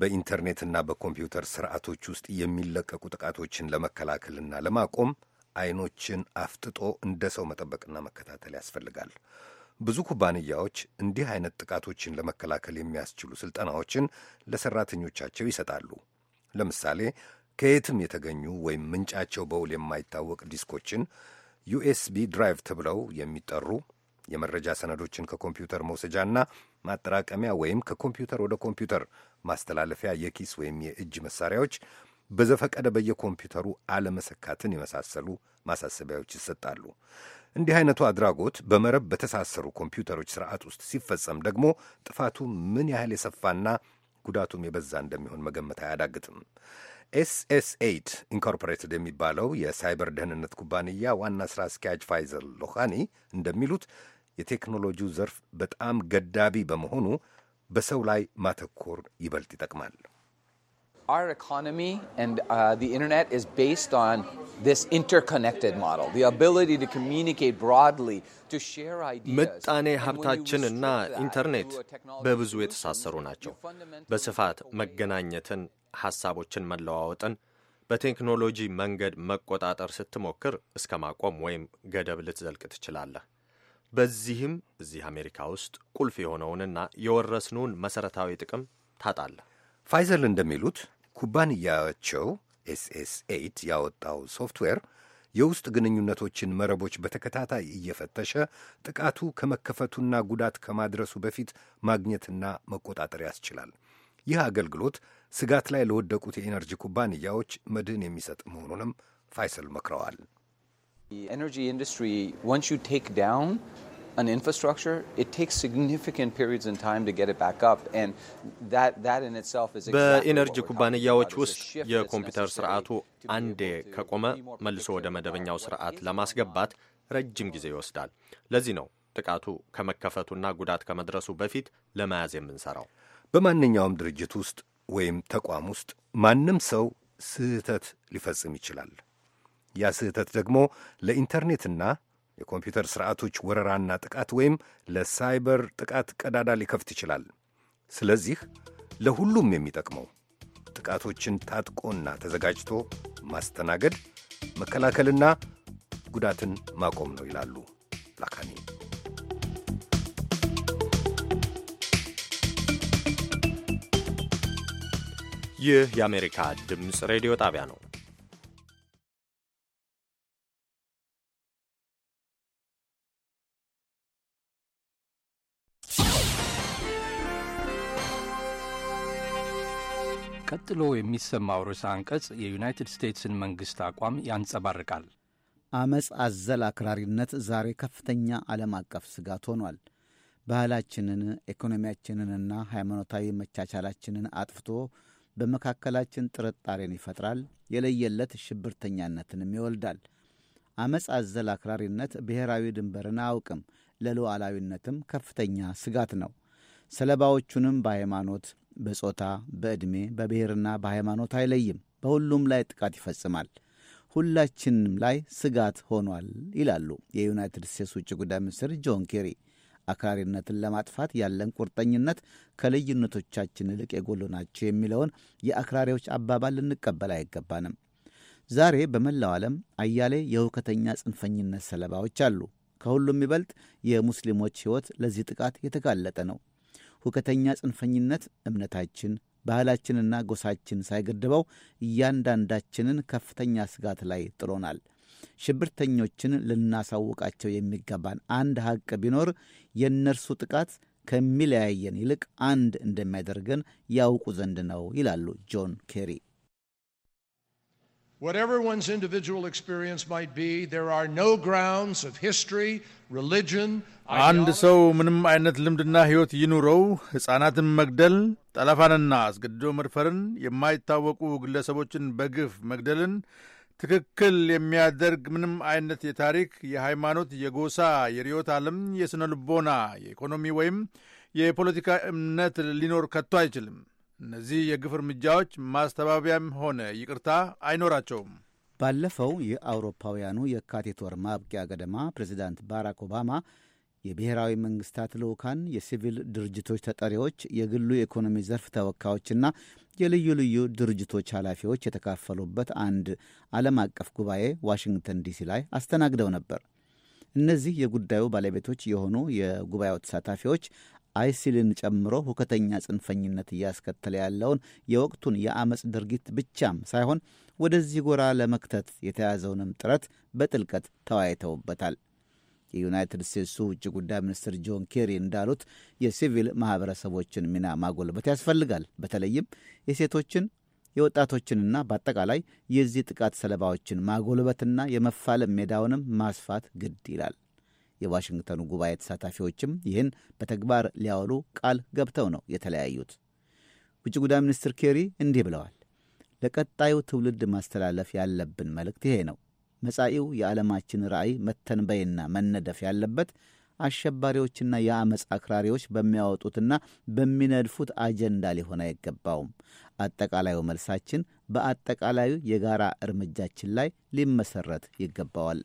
በኢንተርኔትና በኮምፒውተር ስርዓቶች ውስጥ የሚለቀቁ ጥቃቶችን ለመከላከልና ለማቆም አይኖችን አፍጥጦ እንደ ሰው መጠበቅና መከታተል ያስፈልጋል። ብዙ ኩባንያዎች እንዲህ አይነት ጥቃቶችን ለመከላከል የሚያስችሉ ስልጠናዎችን ለሰራተኞቻቸው ይሰጣሉ። ለምሳሌ ከየትም የተገኙ ወይም ምንጫቸው በውል የማይታወቅ ዲስኮችን ዩኤስቢ ድራይቭ ተብለው የሚጠሩ የመረጃ ሰነዶችን ከኮምፒውተር መውሰጃና ማጠራቀሚያ ወይም ከኮምፒውተር ወደ ኮምፒውተር ማስተላለፊያ የኪስ ወይም የእጅ መሳሪያዎች በዘፈቀደ በየኮምፒውተሩ አለመሰካትን የመሳሰሉ ማሳሰቢያዎች ይሰጣሉ። እንዲህ አይነቱ አድራጎት በመረብ በተሳሰሩ ኮምፒውተሮች ስርዓት ውስጥ ሲፈጸም ደግሞ ጥፋቱ ምን ያህል የሰፋና ጉዳቱም የበዛ እንደሚሆን መገመት አያዳግትም። ኤስኤስ ኢንኮርፖሬትድ የሚባለው የሳይበር ደህንነት ኩባንያ ዋና ስራ አስኪያጅ ፋይዘል ሎሃኒ እንደሚሉት የቴክኖሎጂው ዘርፍ በጣም ገዳቢ በመሆኑ በሰው ላይ ማተኮር ይበልጥ ይጠቅማል። Our economy and uh, the internet is based on this interconnected model, the ability to communicate broadly, to share ideas. ምጣኔ ሀብታችንና ኢንተርኔት በብዙ የተሳሰሩ ናቸው። በስፋት መገናኘትን፣ ሐሳቦችን መለዋወጥን በቴክኖሎጂ መንገድ መቆጣጠር ስትሞክር እስከ ማቆም ወይም ገደብ ልትዘልቅ ትችላለህ። በዚህም እዚህ አሜሪካ ውስጥ ቁልፍ የሆነውንና የወረስነውን መሠረታዊ ጥቅም ታጣለ። ፋይዘር እንደሚሉት ኩባንያቸው ኤስኤስ ኤይት ያወጣው ሶፍትዌር የውስጥ ግንኙነቶችን መረቦች በተከታታይ እየፈተሸ ጥቃቱ ከመከፈቱና ጉዳት ከማድረሱ በፊት ማግኘትና መቆጣጠር ያስችላል። ይህ አገልግሎት ስጋት ላይ ለወደቁት የኤነርጂ ኩባንያዎች መድህን የሚሰጥ መሆኑንም ፋይሰል መክረዋል። በኢነርጂ ኩባንያዎች ውስጥ የኮምፒውተር ስርዓቱ አንዴ ከቆመ መልሶ ወደ መደበኛው ስርዓት ለማስገባት ረጅም ጊዜ ይወስዳል። ለዚህ ነው ጥቃቱ ከመከፈቱና ጉዳት ከመድረሱ በፊት ለመያዝ የምንሰራው። በማንኛውም ድርጅት ውስጥ ወይም ተቋም ውስጥ ማንም ሰው ስህተት ሊፈጽም ይችላል። ያ ስህተት ደግሞ ለኢንተርኔትና የኮምፒውተር ስርዓቶች ወረራና ጥቃት ወይም ለሳይበር ጥቃት ቀዳዳ ሊከፍት ይችላል። ስለዚህ ለሁሉም የሚጠቅመው ጥቃቶችን ታጥቆና ተዘጋጅቶ ማስተናገድ፣ መከላከልና ጉዳትን ማቆም ነው ይላሉ ላካኒ። ይህ የአሜሪካ ድምፅ ሬዲዮ ጣቢያ ነው። ቀጥሎ የሚሰማው ርዕሰ አንቀጽ የዩናይትድ ስቴትስን መንግሥት አቋም ያንጸባርቃል። አመፅ አዘል አክራሪነት ዛሬ ከፍተኛ ዓለም አቀፍ ስጋት ሆኗል። ባህላችንን፣ ኢኮኖሚያችንንና ሃይማኖታዊ መቻቻላችንን አጥፍቶ በመካከላችን ጥርጣሬን ይፈጥራል፣ የለየለት ሽብርተኛነትንም ይወልዳል። አመፅ አዘል አክራሪነት ብሔራዊ ድንበርን አያውቅም፣ ለሉዓላዊነትም ከፍተኛ ስጋት ነው። ሰለባዎቹንም በሃይማኖት በጾታ፣ በዕድሜ፣ በብሔርና በሃይማኖት አይለይም። በሁሉም ላይ ጥቃት ይፈጽማል። ሁላችንም ላይ ስጋት ሆኗል ይላሉ የዩናይትድ ስቴትስ ውጭ ጉዳይ ሚኒስትር ጆን ኬሪ። አክራሪነትን ለማጥፋት ያለን ቁርጠኝነት ከልዩነቶቻችን ይልቅ የጎሉ ናቸው የሚለውን የአክራሪዎች አባባል ልንቀበል አይገባንም። ዛሬ በመላው ዓለም አያሌ የውከተኛ ጽንፈኝነት ሰለባዎች አሉ። ከሁሉም ይበልጥ የሙስሊሞች ሕይወት ለዚህ ጥቃት የተጋለጠ ነው። ሁከተኛ ጽንፈኝነት እምነታችን፣ ባህላችንና ጎሳችን ሳይገድበው እያንዳንዳችንን ከፍተኛ ስጋት ላይ ጥሎናል። ሽብርተኞችን ልናሳውቃቸው የሚገባን አንድ ሐቅ ቢኖር የእነርሱ ጥቃት ከሚለያየን ይልቅ አንድ እንደሚያደርገን ያውቁ ዘንድ ነው ይላሉ ጆን ኬሪ። Whatever one's individual experience might be, there are no grounds of history, religion, አንድ ሰው ምንም አይነት ልምድና ሕይወት ይኑረው ሕፃናትን መግደል፣ ጠለፋንና አስገድዶ መድፈርን፣ የማይታወቁ ግለሰቦችን በግፍ መግደልን ትክክል የሚያደርግ ምንም አይነት የታሪክ፣ የሃይማኖት፣ የጎሳ፣ የርዕዮተ ዓለም፣ የሥነ ልቦና፣ የኢኮኖሚ ወይም የፖለቲካ እምነት ሊኖር ከቶ አይችልም። እነዚህ የግፍ እርምጃዎች ማስተባበያም ሆነ ይቅርታ አይኖራቸውም። ባለፈው የአውሮፓውያኑ የካቲት ወር ማብቂያ ገደማ ፕሬዚዳንት ባራክ ኦባማ የብሔራዊ መንግስታት ልዑካን፣ የሲቪል ድርጅቶች ተጠሪዎች፣ የግሉ የኢኮኖሚ ዘርፍ ተወካዮችና የልዩ ልዩ ድርጅቶች ኃላፊዎች የተካፈሉበት አንድ ዓለም አቀፍ ጉባኤ ዋሽንግተን ዲሲ ላይ አስተናግደው ነበር። እነዚህ የጉዳዩ ባለቤቶች የሆኑ የጉባኤው ተሳታፊዎች አይሲልን ጨምሮ ሁከተኛ ጽንፈኝነት እያስከተለ ያለውን የወቅቱን የአመፅ ድርጊት ብቻም ሳይሆን ወደዚህ ጎራ ለመክተት የተያዘውንም ጥረት በጥልቀት ተወያይተውበታል። የዩናይትድ ስቴትሱ ውጭ ጉዳይ ሚኒስትር ጆን ኬሪ እንዳሉት የሲቪል ማኅበረሰቦችን ሚና ማጎልበት ያስፈልጋል። በተለይም የሴቶችን የወጣቶችንና በአጠቃላይ የዚህ ጥቃት ሰለባዎችን ማጎልበትና የመፋለም ሜዳውንም ማስፋት ግድ ይላል። የዋሽንግተኑ ጉባኤ ተሳታፊዎችም ይህን በተግባር ሊያወሉ ቃል ገብተው ነው የተለያዩት። ውጭ ጉዳይ ሚኒስትር ኬሪ እንዲህ ብለዋል። ለቀጣዩ ትውልድ ማስተላለፍ ያለብን መልእክት ይሄ ነው። መጻኢው የዓለማችን ራዕይ መተንበይና መነደፍ ያለበት አሸባሪዎችና የአመፅ አክራሪዎች በሚያወጡትና በሚነድፉት አጀንዳ ሊሆን አይገባውም። አጠቃላዩ መልሳችን በአጠቃላዩ የጋራ እርምጃችን ላይ ሊመሰረት ይገባዋል።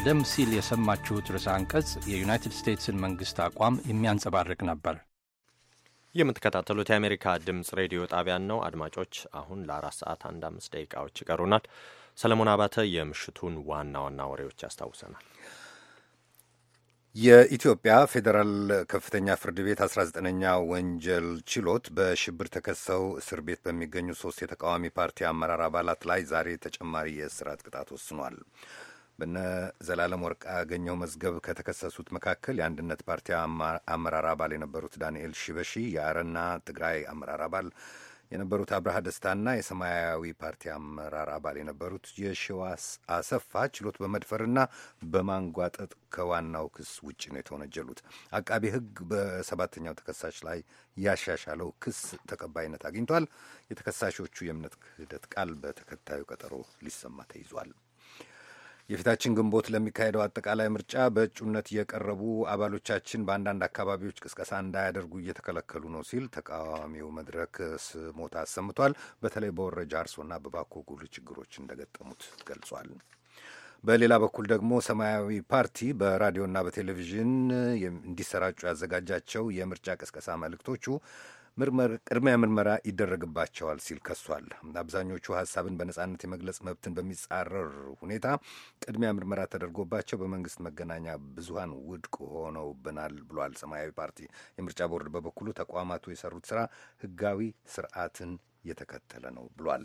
ቀደም ሲል የሰማችሁት ርዕሰ አንቀጽ የዩናይትድ ስቴትስን መንግሥት አቋም የሚያንጸባርቅ ነበር። የምትከታተሉት የአሜሪካ ድምፅ ሬዲዮ ጣቢያን ነው። አድማጮች፣ አሁን ለአራት ሰዓት አንድ አምስት ደቂቃዎች ይቀሩናል። ሰለሞን አባተ የምሽቱን ዋና ዋና ወሬዎች ያስታውሰናል። የኢትዮጵያ ፌዴራል ከፍተኛ ፍርድ ቤት 19ኛ ወንጀል ችሎት በሽብር ተከሰው እስር ቤት በሚገኙ ሶስት የተቃዋሚ ፓርቲ አመራር አባላት ላይ ዛሬ ተጨማሪ የእስራት ቅጣት ወስኗል። በነ ዘላለም ወርቅ ያገኘው መዝገብ ከተከሰሱት መካከል የአንድነት ፓርቲ አመራር አባል የነበሩት ዳንኤል ሽበሺ፣ የአረና ትግራይ አመራር አባል የነበሩት አብርሃ ደስታና የሰማያዊ ፓርቲ አመራር አባል የነበሩት የሺዋስ አሰፋ ችሎት በመድፈርና በማንጓጠጥ ከዋናው ክስ ውጭ ነው የተወነጀሉት። አቃቢ ሕግ በሰባተኛው ተከሳሽ ላይ ያሻሻለው ክስ ተቀባይነት አግኝቷል። የተከሳሾቹ የእምነት ክህደት ቃል በተከታዩ ቀጠሮ ሊሰማ ተይዟል። የፊታችን ግንቦት ለሚካሄደው አጠቃላይ ምርጫ በእጩነት የቀረቡ አባሎቻችን በአንዳንድ አካባቢዎች ቅስቀሳ እንዳያደርጉ እየተከለከሉ ነው ሲል ተቃዋሚው መድረክ ስሞታ አሰምቷል። በተለይ በወረጃ አርሶና በባኮ ጉል ችግሮች እንደገጠሙት ገልጿል። በሌላ በኩል ደግሞ ሰማያዊ ፓርቲ በራዲዮና በቴሌቪዥን እንዲሰራጩ ያዘጋጃቸው የምርጫ ቅስቀሳ መልእክቶቹ ቅድሚያ ምርመራ ይደረግባቸዋል ሲል ከሷል። አብዛኞቹ ሀሳብን በነጻነት የመግለጽ መብትን በሚጻረር ሁኔታ ቅድሚያ ምርመራ ተደርጎባቸው በመንግስት መገናኛ ብዙሃን ውድቅ ሆነውብናል ብሏል። ሰማያዊ ፓርቲ የምርጫ ቦርድ በበኩሉ ተቋማቱ የሰሩት ስራ ህጋዊ ስርዓትን የተከተለ ነው ብሏል።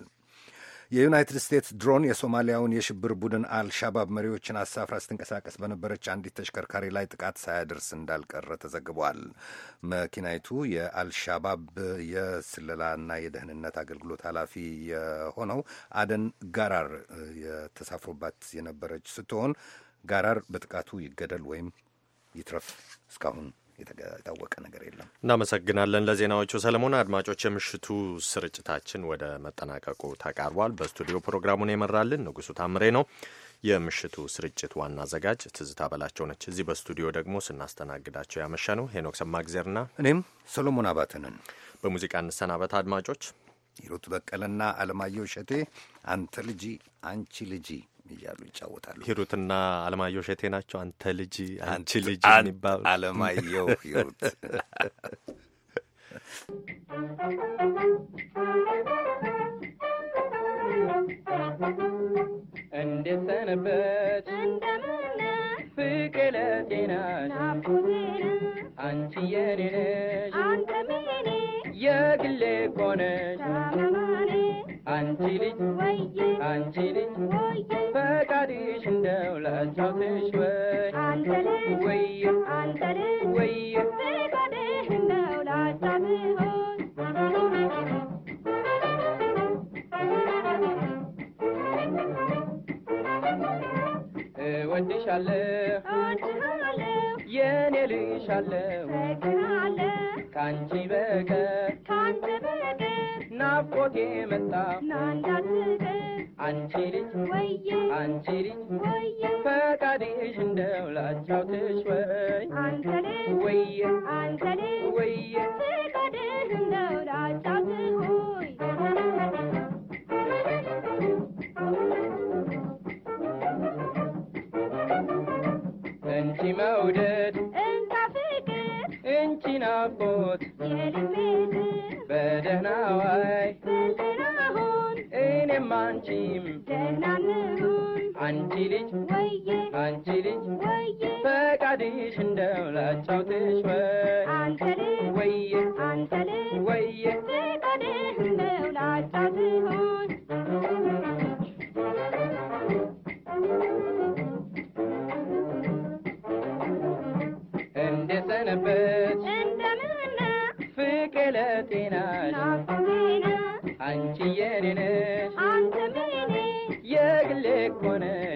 የዩናይትድ ስቴትስ ድሮን የሶማሊያውን የሽብር ቡድን አልሻባብ መሪዎችን አሳፍራ ስትንቀሳቀስ በነበረች አንዲት ተሽከርካሪ ላይ ጥቃት ሳያደርስ እንዳልቀረ ተዘግቧል። መኪናይቱ የአልሻባብ የስለላና የደህንነት አገልግሎት ኃላፊ የሆነው አደን ጋራር የተሳፍሮባት የነበረች ስትሆን ጋራር በጥቃቱ ይገደል ወይም ይትረፍ እስካሁን የታወቀ ነገር የለም። እናመሰግናለን ለዜናዎቹ ሰለሞን። አድማጮች፣ የምሽቱ ስርጭታችን ወደ መጠናቀቁ ተቃርቧል። በስቱዲዮ ፕሮግራሙን የመራልን ንጉሱ ታምሬ ነው። የምሽቱ ስርጭት ዋና አዘጋጅ ትዝታ በላቸው ነች። እዚህ በስቱዲዮ ደግሞ ስናስተናግዳቸው ያመሸ ነው ሄኖክ ሰማግዜርና እኔም ሰሎሞን አባተንን። በሙዚቃ እንሰናበት አድማጮች። ሂሩት በቀለና አለማየሁ እሸቴ አንተ ልጂ አንቺ ልጂ እያሉ ይጫወታሉ። ሂሩትና አለማየሁ እሸቴ ናቸው። አንተ ልጅ፣ አንቺ ልጅ የሚባሉ አለማየሁ ሂሩት እንዴት ሰነበት ፍቅለ ጤናሽ አንቺ የኔ ነሽ የግሌ እኮ አንቺ ልጅ አንቺ ልጅ ፈቃድሽ እንደው ላጫውትሽ ወይ ወይ ወይ ፈቃድሽ እንደው ላጫውትሽ እወድሻለሁ የኔ ልሻለሁ ከአንቺ በቀር ከሞት የመጣ አንቺ ልጅ አንቺ ልጅ ፈቃድሽ እንደው ላጫውትሽ ወይ ወየ ወየ ፈቃድሽ እንደው ላጫውትሽ ወይ እንቺ መውደድ እንታ ፍቅር እንቺ ናፍቆት የልቤት now I. on. bede na wai bede na hun ene manchim de na ne I anchilich waye anchilich waye pagadish ndawla chawtish waye anchali waye anchali waye pagadish ndawla chawtish hun and this and a bit ለጤናሽ አንቺ የኔነሽ የግሌ እኮ ነሽ